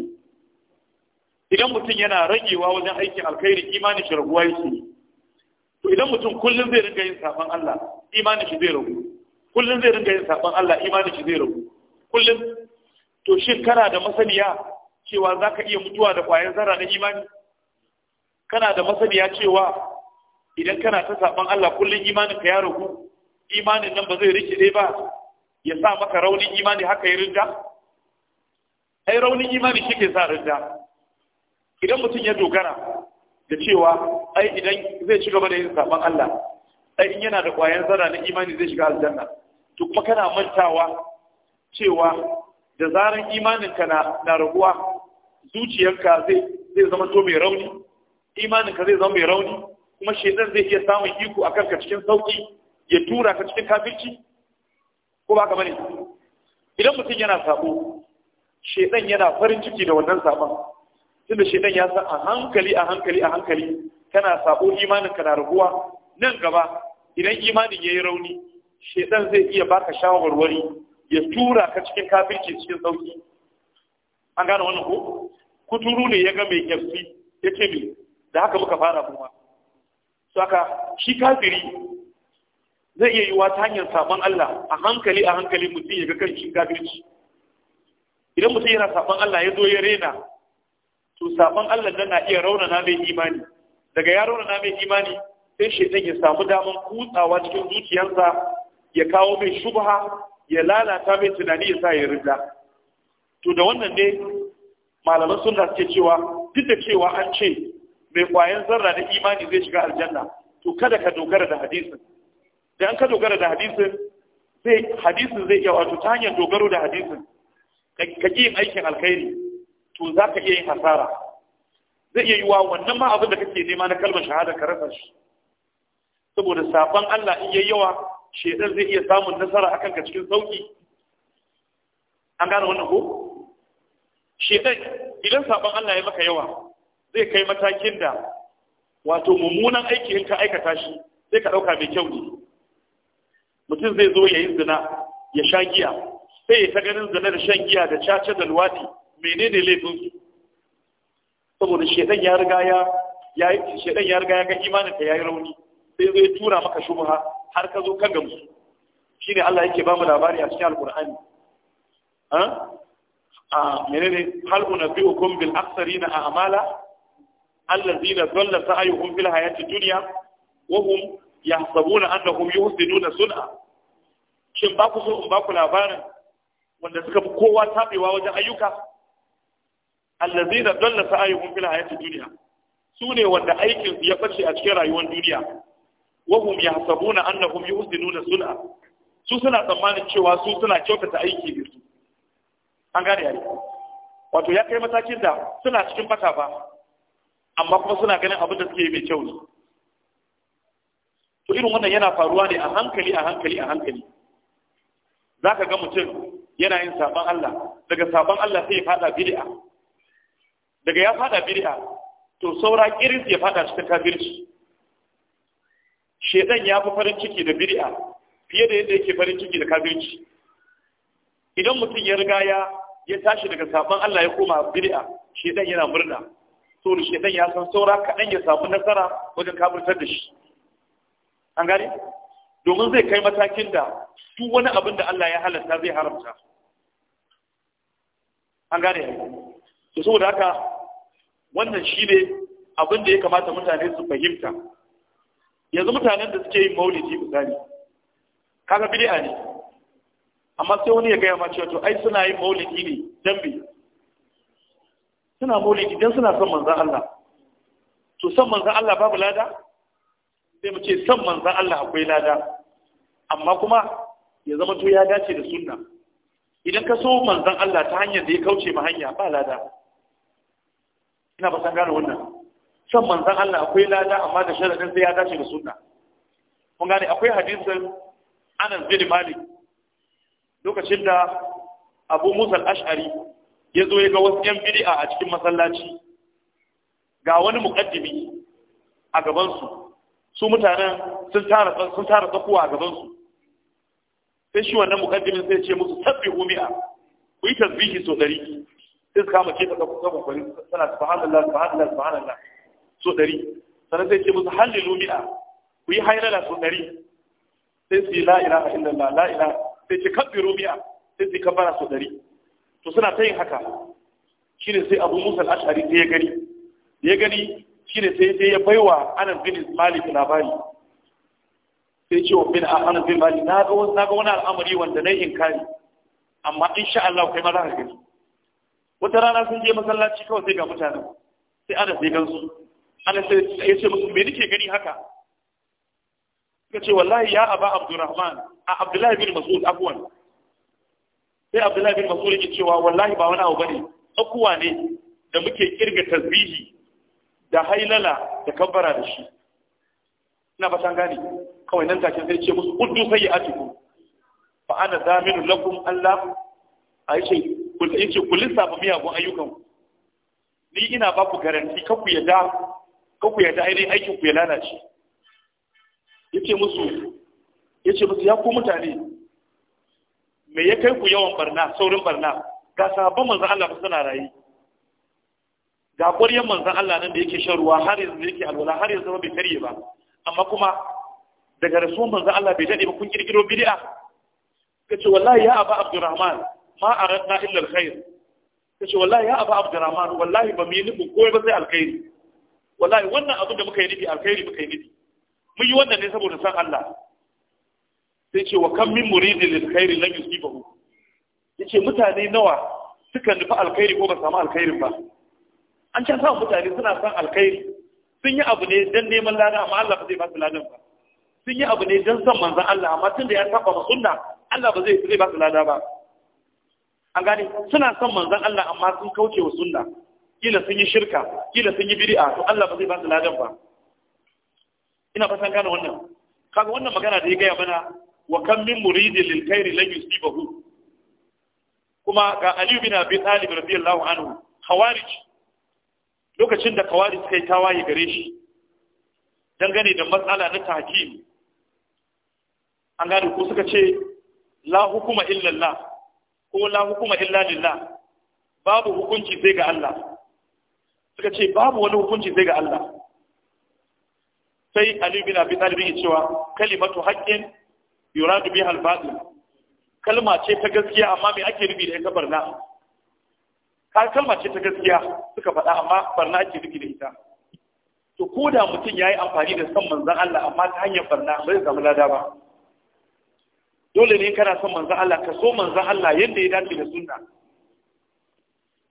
idan mutum yana ragewa wajen aikin alkhairi imanin shi raguwa yake to idan mutum kullum zai rinka yin sabon Allah imanin shi zai ragu kullum zai rinka yin sabon Allah imanin shi zai ragu kullum to shi kana da masaniya cewa za ka iya mutuwa da ƙwayar zara na imani kana da masaniya cewa idan kana ta saɓan Allah kullum imanin ka ya ragu imanin nan ba zai dai ba ya sa maka raunin imani haka ya rinda ai raunin imani shi ke sa rinda idan mutum ya dogara da cewa ai idan zai ci gaba da yin saɓan Allah ai in yana da ƙwayar zara na imani zai shiga aljanna to kuma kana mantawa cewa da zaran imaninka na na raguwa zuciyarka zai zai zama to mai rauni imaninka zai zama mai rauni kuma shedan zai iya samun iko akan ka cikin sauki ya tura ka cikin kafirci ko ba ka bane idan mutum yana sabo shedan yana farin ciki da wannan sabon tunda shedan ya san a hankali a hankali a hankali kana sabo imaninka na raguwa nan gaba idan imanin yayi rauni shedan zai iya baka shawarwari ya tura ka cikin kafirci cikin sauki an gane wannan ko kuturu ne ya ga mai kyafsi ya ce mai da haka muka fara kuma su haka shi kafiri zai iya yiwa ta hanyar sabon Allah a hankali a hankali mutum ya ga kan cikin kafirci idan mutum yana sabon Allah ya zo ya rena to sabon Allah nan na iya raunana mai imani daga ya raunana mai imani sai shi ya samu daman kutsawa cikin zuciyarsa ya kawo mai shubha ya lalata mai tunani ya sa ya rida to da wannan ne malaman sunna suke cewa duk da cewa an ce mai kwayan zarra da imani zai shiga aljanna to kada ka dogara da hadisin da an ka dogara da hadisin sai hadisin zai iya wato ta hanyar dogaro da hadisin ka ƙi yin aikin alkhairi to za ka iya yin hasara zai iya yiwa wannan ma abin da kake nema na kalmar shahada ka rasa shi saboda sabon Allah in yayi yawa shedan zai iya samun nasara akan ka cikin sauki an gane wannan ko shedan idan sabon Allah ya maka yawa zai kai matakin da wato mummunan aiki in ka aikata shi sai ka dauka mai kyau ne mutum zai zo ya yi zina ya sha giya sai ya ta ganin zina da shan giya da caca da luwati menene laifin su saboda shedan ya riga ya ya shedan ya riga ya ga imanin ta yayi rauni sai zai tura maka shubha har ka zo ka gamsu ne Allah yake ba mu labari a cikin alqur'ani ne halbu na hal kun bil aksari na a a'mala ta dhalla sa'yuhum fil hayati duniya. an da hum yi annahum nuna sun'a shin ba ku so in ba ku labarin wanda suka fi kowa tabewa wajen ayyuka ta dhalla sa'yuhum fil hayati duniya. Su ne wanda aikin ya fashe a cikin rayuwar duniya wahum yahsabuna annahum yuhsinuna sun'a su suna tsammanin cewa su suna kyautata aiki ne su an gane yayi wato ya kai matakin da suna cikin fata ba amma kuma suna ganin abin da suke yi mai kyau ne to irin wannan yana faruwa ne a hankali a hankali a hankali za ka ga mutum yana yin saban Allah daga saban Allah sai ya fada bid'a daga ya fada bid'a to saura kirin ya fada cikin kafirci shedan ya fi farin ciki da bid'a fiye da yadda yake farin ciki da kafirci idan mutum ya riga ya ya tashi daga sabon Allah ya koma bid'a shedan yana murna saboda shedan ya san saura kaɗan ya samu nasara wajen kafirtar da shi an gane domin zai kai matakin da duk wani abin da Allah ya halatta zai haramta an gane to saboda haka wannan shi ne abin da ya kamata mutane su fahimta yanzu mutanen da suke yin maulidi misali kaga bid'a ne amma sai wani ya gaya ma cewa to ai suna yin maulidi ne dan bi suna maulidi dan suna son manzon Allah to son manzon Allah babu lada sai mu ce son manzon Allah akwai lada amma kuma ya zama to ya dace da sunna idan ka so manzon Allah ta hanyar da ya kauce ma hanya ba lada ina ba san gane wannan san manzan Allah akwai lada amma da sharadin sai ya dace da sunna kun gane akwai hadisin Anas bin Malik lokacin da Abu Musa al-Ash'ari ya zo ya ga wasu yan bid'a a cikin masallaci ga wani muqaddimi a gaban su su mutanen sun tara sun tara tsakuwa a gaban su sai shi wannan muqaddimin sai ya ce musu tasbihu mi'a ku yi tasbihi so dari sai su kama ke ta tsakuwa kwari sana subhanallah subhanallah subhanallah so ɗari sannan sai ce musu hallilu mi'a ku yi hailala so ɗari sai su yi la'ira a inda la'ira sai ce kabbiru mi'a sai su yi kabbara so ɗari to suna ta yin haka ne sai abu musa al'ashari sai ya gani ya gani shi sai sai ya bai wa anan bin malik labari sai ce wa bin anan bin malik na ga wani al'amari wanda na yi inkari amma insha Allah kai ma za ka gani wata rana sun je masallaci kawai sai ga mutanen sai ana sai gansu ana sai ya ce musu me nike gani haka suka ce wallahi ya aba abdurrahman a abdullahi bin mas'ud afwan sai abdullahi bin mas'ud yake cewa wallahi ba wani abu bane tsakuwa ne da muke kirga tasbihi da hailala da kabbara da shi ina ba san gane kawai nan take sai ce musu uddu ku. fa ana zaminu lakum allah aisha ce ku lissafa miyagun ayyukan ni ina ba ku garanti kan ku yadda ka ku yarda ainihin aikin ku ya lalace yace musu yace musu ya ku mutane me ya kai ku yawan barna saurin barna ga sabon manzon Allah suna rayi ga ƙwaryen manzon Allah nan da yake shan ruwa har yanzu yake alwala har yanzu ba bai karye ba amma kuma daga rasuwan manzon Allah bai dade ba kun kirkiro bid'a kace wallahi ya aba abdurrahman ma aradna illa alkhair kace wallahi ya aba abdurrahman wallahi ba mu yi nufin, komai ba sai alkhairi wallahi wannan abin da muka yi nufi alkhairi muka yi nufi mun yi wannan ne saboda san Allah sai ce wa kan min muridin lil khairi lam yusibahu yace mutane nawa suka nufi alkhairi ko ba samu alkhairin ba an can samun mutane suna san alkhairi sun yi abu ne dan neman lada amma Allah ba zai ba su ladan ba sun yi abu ne dan san manzon Allah amma tunda ya saba ba sunna Allah ba zai zai ba su lada ba an gane suna san manzon Allah amma sun kauce wa sunna kila sun yi shirka kila sun yi bid'a to Allah ba zai ba su ladan ba ina fatan gane wannan kaga wannan magana da ya gaya mana wa kam min muridin lil khairi la yusibahu kuma ga Ali bin Abi Talib radiyallahu anhu khawarij lokacin da khawarij kai tawaye gare shi dangane da matsala na tahkim an gane ko suka ce la hukuma illa Allah ko la hukuma illa lillah babu hukunci sai ga Allah suka ce babu wani hukunci zai ga Allah sai Ali bin Abi Talib ya cewa kalimatu haqqin yuradu biha al fadl kalma ce ta gaskiya amma me ake rubi da ita barna ka kalma ce ta gaskiya suka faɗa amma barna ake rubi da ita to ko da mutum ya yi amfani da son manzan Allah amma ta hanyar barna bai zama lada ba dole ne kana son manzan Allah ka so manzan Allah yadda ya dace da sunna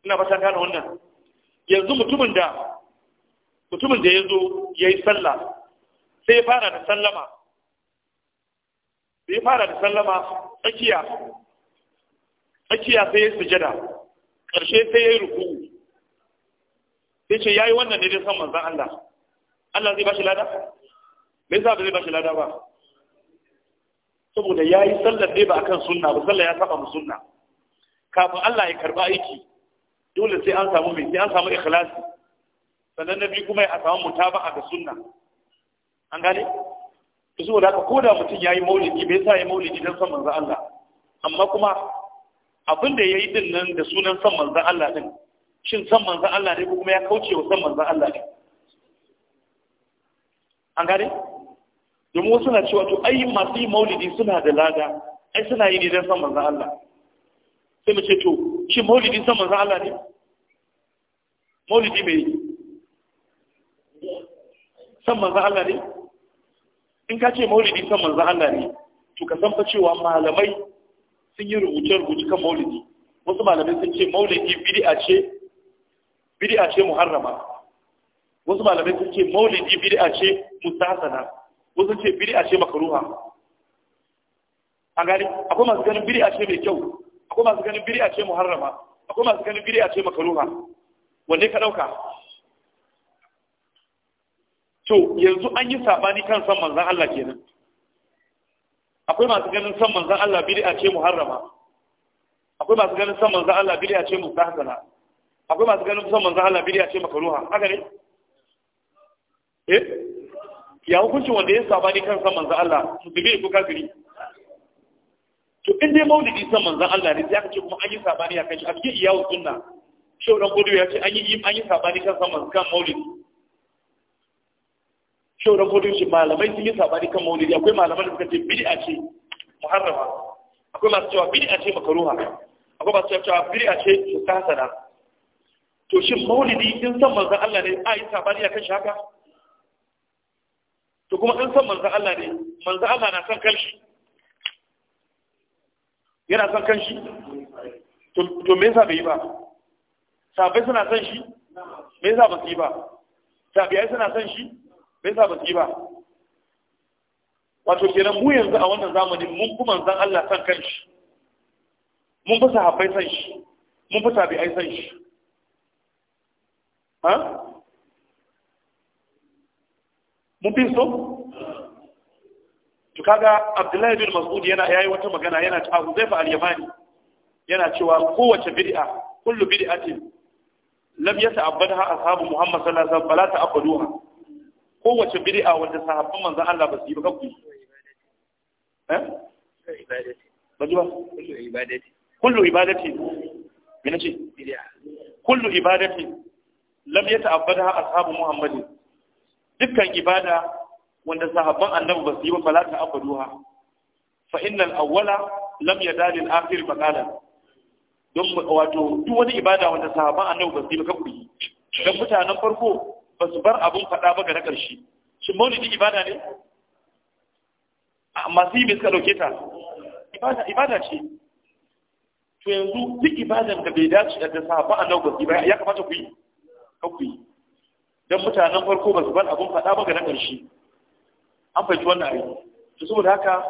ina ba ta gano wannan yanzu mutumin da mutumin da ya zo ya yi sallah sai ya fara da sallama sai ya fara da sallama tsakiya tsakiya sai ya sujada ƙarshe sai ya yi ruku sai ce ya yi wannan ne dai san manzan Allah Allah zai ba shi lada? Me sa ba zai ba shi lada ba saboda ya yi sallar ne ba akan sunna ba sallar ya saba mu sunna kafin Allah ya karba aiki dole sai an samu mai sai an samu ikhlasi sannan nabi biyu kuma ya samu mutaba'a ga sunna an gane to da Ko da mutum yayi maulidi bai sa yayi maulidi dan san manzo Allah amma kuma abin da yayi din nan da sunan san manzo Allah din shin san manzo Allah ne kuma ya kauce wa san manzo Allah ne an gane domin wasu na cewa to ayyin masu yi maulidi suna da lada ai suna yi ne dan san manzo Allah sai mu ce to shi maulidi san manzan Allah ne maulidi mai san manzan Allah ne in ka ce maulidi san manzan Allah ne to ka san fa cewa malamai sun yi rubuce-rubuce kan maulidi wasu malamai sun ce maulidi bidi ce ce muharrama wasu malamai sun ce maulidi a ce mustasana wasu ce a ce makruha a gari akwai masu ganin a ce mai kyau akwai masu ganin a ce muharrama akwai masu ganin a ce makaruha wanne ka dauka to yanzu an yi sabani kan san manzan Allah kenan akwai masu ganin san manzan Allah a ce muharrama akwai masu ganin san manzan Allah a ce mustahsana akwai masu ganin san manzan Allah a ce makaruha haka ne eh ya hukuncin wanda ya sabani kan san manzan Allah musulmi ko kafiri to in dai maulidi san manzon Allah ne sai aka ce kuma an yi sabani a kan shi a cikin iyawu sunna shehu dan gudu ya ce an yi an yi sabani kan san kan maulidi shehu dan gudu ce malamai sun yi sabani kan maulidi akwai malaman da suka ce bid'a ce muharrama akwai masu cewa bid'a ce makaruha akwai masu cewa bid'a ce mustasana to shin maulidi in san manzon Allah ne a yi sabani a kan shi haka to kuma in san manzon Allah ne manzon Allah na san kalshi yana son kan shi to me yasa bai yi ba sabai suna son shi me yasa ba su yi ba tabiyai suna son shi me yasa ba su yi ba wato kenan mu yanzu a wannan zamanin mun kuma zan Allah son kan shi mun fi sahabbai son shi mun fi tabi'ai son shi ha mun fi so to kaga abdullahi bin mas'ud yana yayi wata magana yana ta abu zai al-yamani yana cewa kowace bid'a kullu bid'atin lam yata'abbadha ashabu muhammad sallallahu alaihi wasallam bala ta'abbaduha kowace bid'a wanda sahabban manzon Allah ba su yi ba kuma. eh ibadati ba kullu ibadati kullu ibadati me nace bid'a kullu ibadati lam yata'abbadha ashabu muhammadin dukkan ibada wanda sahabban annabi ba su yi ba fala ta abaduha fa innal awwala lam yadal al akhir maqalan don wato duk wani ibada wanda sahabban annabi ba su yi ba kaburi dan mutanen farko ba su bar abun fada ba ga na karshe shin maulidi ibada ne amma sai bai suka dauke ta ibada ibada ce to yanzu duk ibadan da bai dace da sahabban annabi ba su yi ba ya kamata ku yi kaburi dan mutanen farko ba su bar abun fada ba ga na karshe an fahimci wannan ayi to saboda haka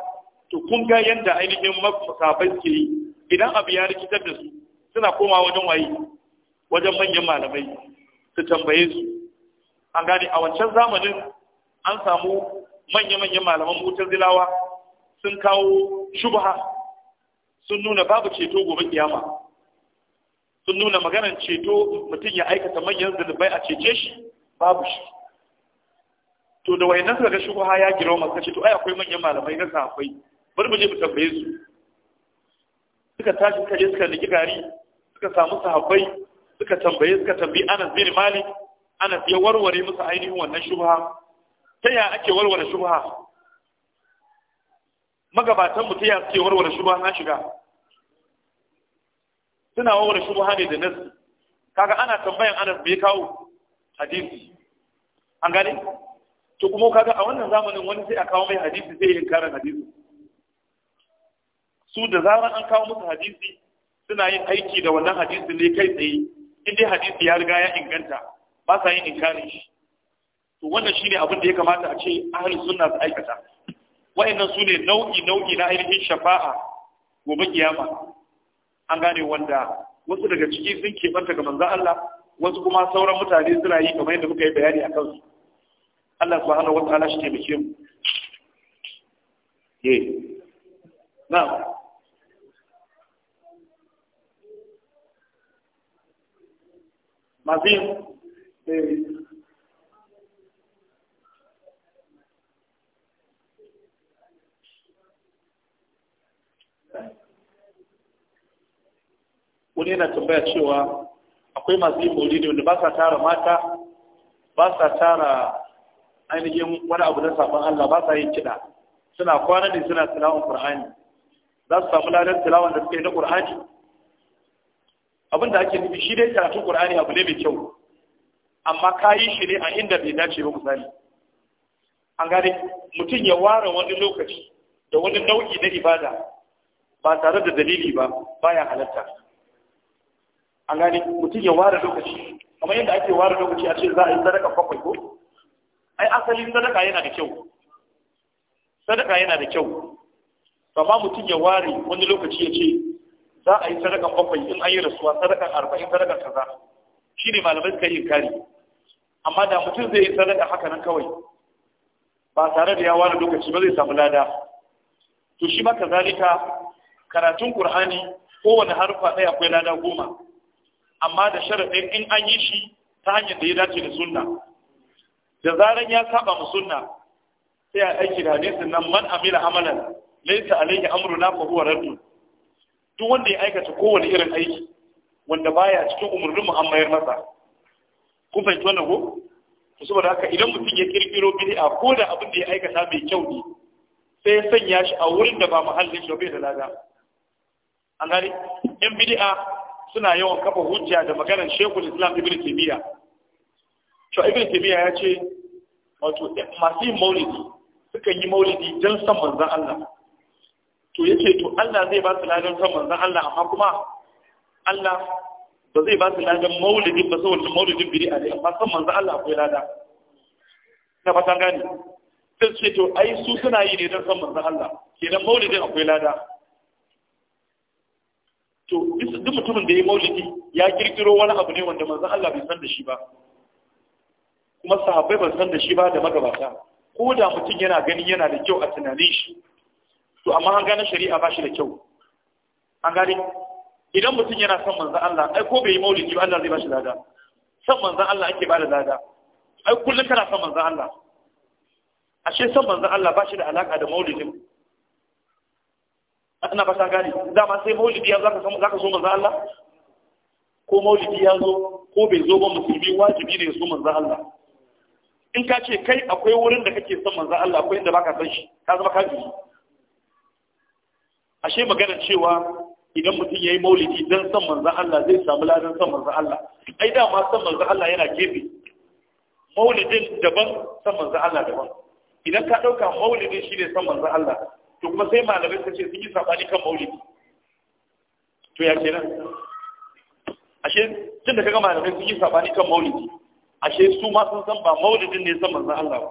to kun ga yadda ainihin masahabai suke yi idan abu ya rikitar da su suna koma wajen waye wajen manyan malamai su tambaye su an gane a wancan zamanin an samu manya-manyan malaman mutar zilawa sun kawo shubha sun nuna babu ceto gobe kiyama sun nuna maganar ceto mutum ya aikata manyan zunubai a cece shi babu shi to da wayannan suka ga shugaba ya girma masu to ai akwai manyan malamai na akwai bari mu je mu tambaye su suka tashi suka je suka niki gari suka samu sahabbai suka tambaye suka tambayi Anas bin Malik Anas ya warware musu ainihin wannan shubha ta ya ake warware shubha magabatan mu ta ya suke warware shubha na shiga suna warware shubha ne da nasu kaga ana tambayan Anas bai kawo hadisi an gane to kuma kaga a wannan zamanin wani sai a kawo mai hadisi sai yin karin hadisi su da zaran an kawo musu hadisi suna yin aiki da wannan hadisi ne kai tsaye in dai hadisi ya riga ya inganta ba sa yin inkarin shi to wannan shine abin da ya kamata a ce ahli sunna su aikata wa'annan su ne nau'i nau'i na ainihin shafa'a gobe kiyama an gane wanda wasu daga ciki sun keɓanta ga manzo Allah wasu kuma sauran mutane suna yi kamar yadda muka yi bayani a kansu Allah hannu wata ala shi ne bikin ye na mazi eh, wani yana tambaya cewa akwai masu yin maulidi wanda ba sa tara mata ba sa tara ainihin wani abu na saman Allah ba sa yin kiɗa suna kwana ne suna tilawan Qur'ani za su samu ladan tilawan da suka yi na Qur'ani abin da ake nufi shi dai karatun Qur'ani abu ne mai kyau amma ka yi shi ne a inda bai dace ba misali an gane mutum ya ware wani lokaci da wani nau'i na ibada ba tare da dalili ba baya halatta an gane mutum ya ware lokaci kamar yadda ake ware lokaci a ce za a yi sadaka bakwai ko ai asalin sadaka yana da kyau sadaka yana da kyau amma mutum ya ware wani lokaci ya ce za a yi sadakan bakwai in an yi rasuwa sadakan arba'in sadakan kaza shi ne malamai suka yi kari amma da mutum zai yi sadaka haka nan kawai ba tare da ya ware lokaci ba zai samu lada to shi maka zalika karatun qur'ani kowane harfa ɗaya akwai lada goma amma da sharaɗin in an yi shi ta hanyar da ya dace da sunna da zaran ya saba mu sunna sai a aiki da ne nan man amila amalan laysa alayhi amruna fa huwa raddu duk wanda ya aikata kowane irin aiki wanda baya cikin umurnin mu an mayar masa kun fahimci wannan ko to saboda haka idan mutum ya kirkiro bid'a ko da abin da ya aikata mai kyau ne sai ya sanya shi a wurin da ba muhallin shi bai da lada an gani yan bid'a suna yawan kafa hujja da maganar Sheikhul Islam Ibn Taymiyyah to Ibn Taymiyyah ya ce wato masu yin maulidi suka yi maulidi don san manzan Allah to yake to Allah zai ba su ladan san manzan Allah amma kuma Allah ba zai ba su ladan maulidi ba saboda maulidin biri a amma san manzan Allah akwai lada na fatan gani sai ce to ai su suna yi ne don san manzan Allah kenan maulidin akwai lada to duk mutumin da ya yi maulidi ya kirkiro wani abu ne wanda manzan Allah bai san da shi ba kuma sahabbai ba san da shi ba da magabata ko da mutum yana gani yana da kyau a tunanin shi to amma an gane shari'a ba shi da kyau an gane idan mutum yana son manzon Allah ai ko bai yi maulidi ba Allah zai ba shi lada son manzan Allah ake ba da lada ai kullum kana son manzan Allah ashe son manzan Allah ba shi da alaka da maulidi Ana ba ta gane dama sai maulidi ya zaka zaka so manzan Allah ko maulidi ya zo ko bai zo ba musulmi wajibi ne ya so manzan Allah in ka ce kai akwai wurin da kake son manzan Allah akwai inda baka san shi ka zama kafiri ashe magana cewa idan mutum ya yi maulidi don son manzan Allah zai samu ladan son manzan Allah ai dama son manzan Allah yana gefe maulidin daban son manzan Allah daban idan ka ɗauka maulidin shi ne son manzan Allah to kuma sai malamai ka ce sun yi saɓani kan maulidi to ya kenan ashe tun da kaga malamai sun yi saɓani kan maulidi ashe su ma sun san ba maulidin ne san manzan Allah ba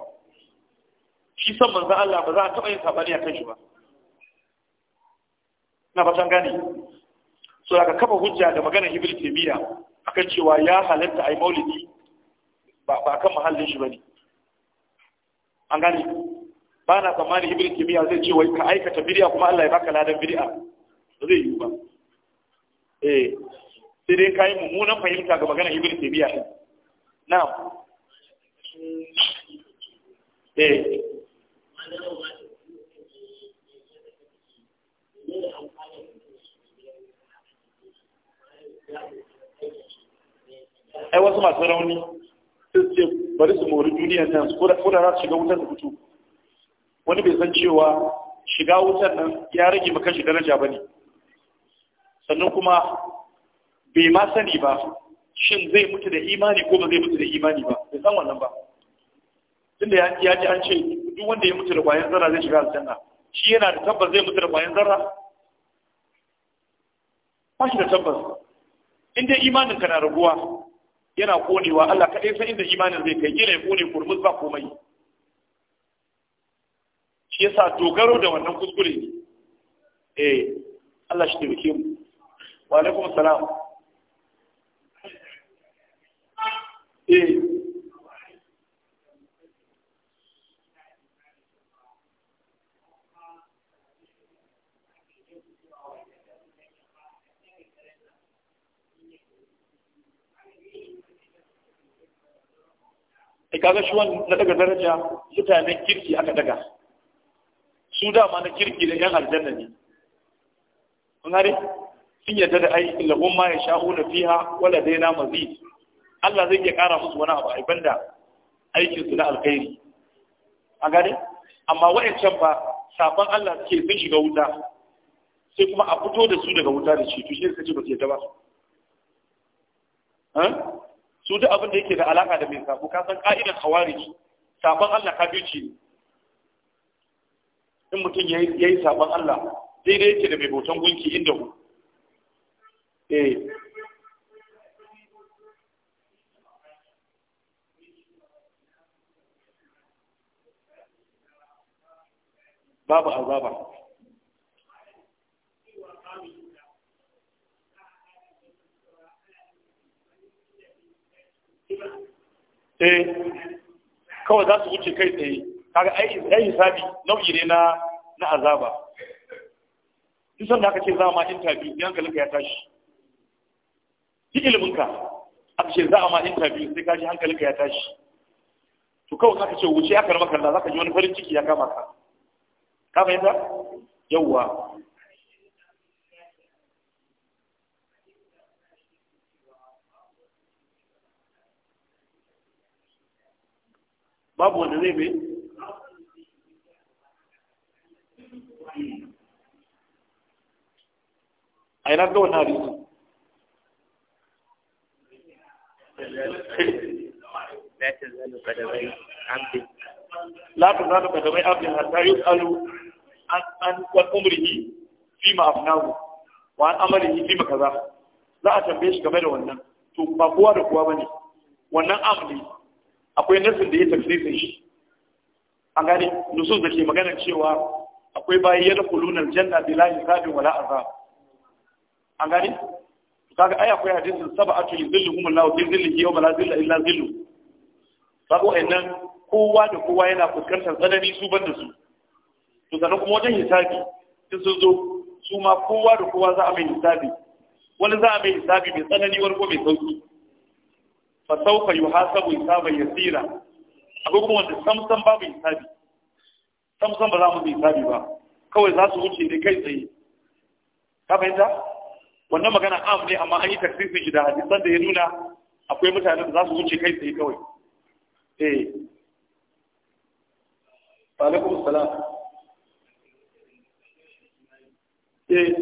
shi san manzan Allah ba za a taɓa yin saɓani a kan shi ba na fatan gane so daga kafa hujja da maganar ibn a kan cewa ya halatta yi maulidi ba ba kan mahallin shi ne. an gane ba na tsammanin hibir taymiya zai ce wai ka aikata biriya kuma Allah ya baka ladan biriya zai yi ba eh sai dai ka yi mummunan fahimta ga maganar ibn taymiya na'am eh ai wasu masu rauni sun ce bari su mori duniyar nan ko da za su shiga wutar da wani bai san cewa shiga wutar nan ya rage maka daraja ba ne sannan kuma bai ma sani ba shin zai mutu da imani ko ba zai mutu da imani ba bai san wannan ba tunda ya ya ji an ce duk wanda ya mutu da ƙwayan zarra zai shiga aljanna shi yana da tabbas zai mutu da ƙwayan zarra ba shi da tabbas in dai imanin ka na raguwa yana konewa Allah kaɗai san inda imanin zai kai kila ya kone kurmus ba komai shi yasa dogaro da wannan kuskure eh Allah shi taimake mu wa alaikum salam Eh. eh kaga shi wani na daga daraja mutanen kirki aka daga su dama na kirki da yan aljanna ne kun hari sun yadda da ai lagun ma na fiha wala na mazi. Allah zai iya ƙara musu wani abu a da aikin su na alkhairi A gane amma wa'ancan ba sabon Allah suke sun shiga wuta sai kuma a fito da su daga wuta da shi to shi suka ce ba su yadda ba su duk abin da yake da alaka da mai sabu, ka san ka'idar khawarij sabon Allah kafirci ce. in mutum ya yi sabon Allah daidai yake da mai bautan gunki inda ku eh babu azaba eh kawai za su wuce kai tsaye kaga ai hisabi nau'i ne na na azaba duk sanda aka ce za ma interview yan kalinka ya tashi ki ilimin ka aka ce za a ma interview sai ka ji hankalinka ya tashi to kawai aka ce wuce aka rama kalla ka ji wani farin ciki ya kama ka ka fahimta yawwa babu wanda zai bai a yana ga wani hadisi لا تزال قدمي عبد لا تزال قدمي عبد حتى يسأل an kwan umrihi fi ma afnahu wa an amalihi fi ma kaza za a tambaye shi game da wannan to ba kowa da kowa bane wannan amli akwai nasin da ya tafsirin shi an gane nusus da ke magana cewa akwai bayi ya Janna aljanna bila sabin wala azab an gane kaga ai akwai hadisin sab'atu yuzilluhum Allahu fi zillihi yawma la zilla illa zillu kaga wayannan kowa da kowa yana fuskantar tsanani su banda su to sannan kuma wajen hisabi in sun zo su ma kowa da kowa za a mai hisabi wani za a mai hisabi mai tsanani wani ko mai sauki fa sauka yuhasabu hisaban yasira akwai kuma wanda ba babu hisabi samsan ba za mu hisabi ba kawai za su wuce ne kai tsaye ka fahimta wannan magana am ne amma an yi taksisin shi da hadisan da ya nuna akwai mutane da za su wuce kai tsaye kawai eh alaikum salam eh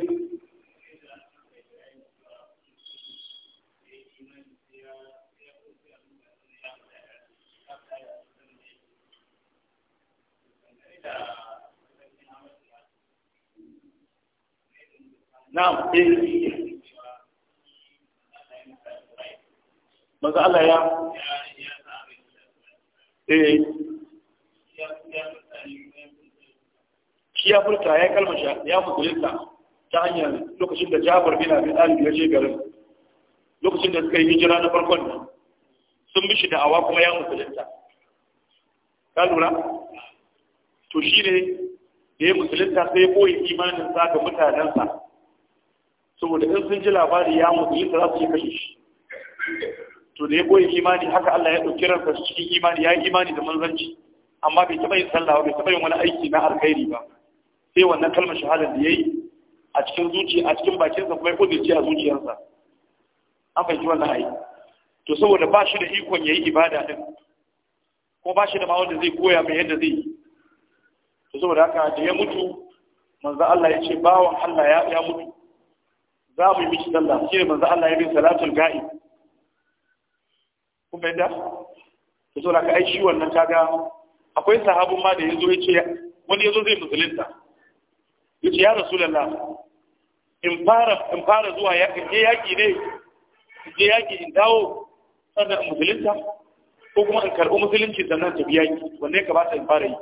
Na'am, eh. Maza Allah ya eh ya ya furta ya kalmar ya ta hanyar lokacin da jabar bin abin Talib ya je garin lokacin da suka yi hijira na farkon nan sun bi shi da awa kuma ya musulunta ka lura to shi ne da ya musulunta sai ya koyi imanin sa ga mutanensa saboda in sun ji labari ya musulunta za su yi kashe shi to da ya koyi imani haka Allah ya ɗauki ransa cikin imani ya yi imani da manzanci amma bai taɓa yin sallah bai taɓa yin wani aiki na alkhairi ba sai wannan kalmar shahadar da ya yi a cikin zuci a cikin bakinsa kuma ya kudirce a zuciyarsa an fahimci wannan ayi to saboda ba shi da ikon yayi ibada din ko ba shi da ma wanda zai koya mai yadda zai yi to saboda haka da ya mutu manzo Allah ya ce bawan Allah ya ya mutu za mu yi miki sallah shi ne manzo Allah ya yi salatul ga'ib kun da? to saboda haka ai shi wannan kaga akwai sahabin ma da yazo ya ce wani yazo zai musulunta yace ya rasulullah in fara in fara zuwa yaƙi je yaƙi ne je yaƙi in dawo sannan in musulunta ko kuma in karɓi musulunci sannan biya ki wanne ya kamata in fara yi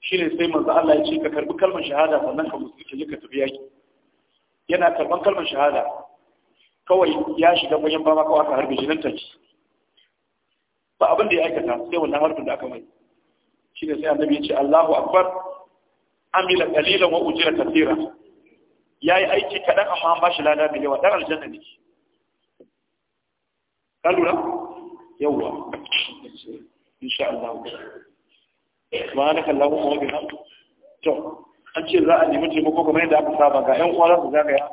shine sai manzo Allah ya ce ka karɓi kalmar shahada sannan ka musulunci ka tafi yaƙi yana karɓan kalmar shahada kawai ya shiga bayan ba kawai aka harbe shi nan take ba abin da ya aikata sai wannan harbin da aka mai shine sai annabi ya ce Allahu akbar amila qalilan wa ujira kathira yayi aiki kadan amma an bashi lada mai yawa dan aljanna ne ka lura yawa insha Allah subhanaka kallon wa bihamdika to an ce za a nemi taimako kamar yadda aka saba ga yan uwa za su zagaya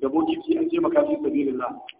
da bokiti an ce maka fi sabilillah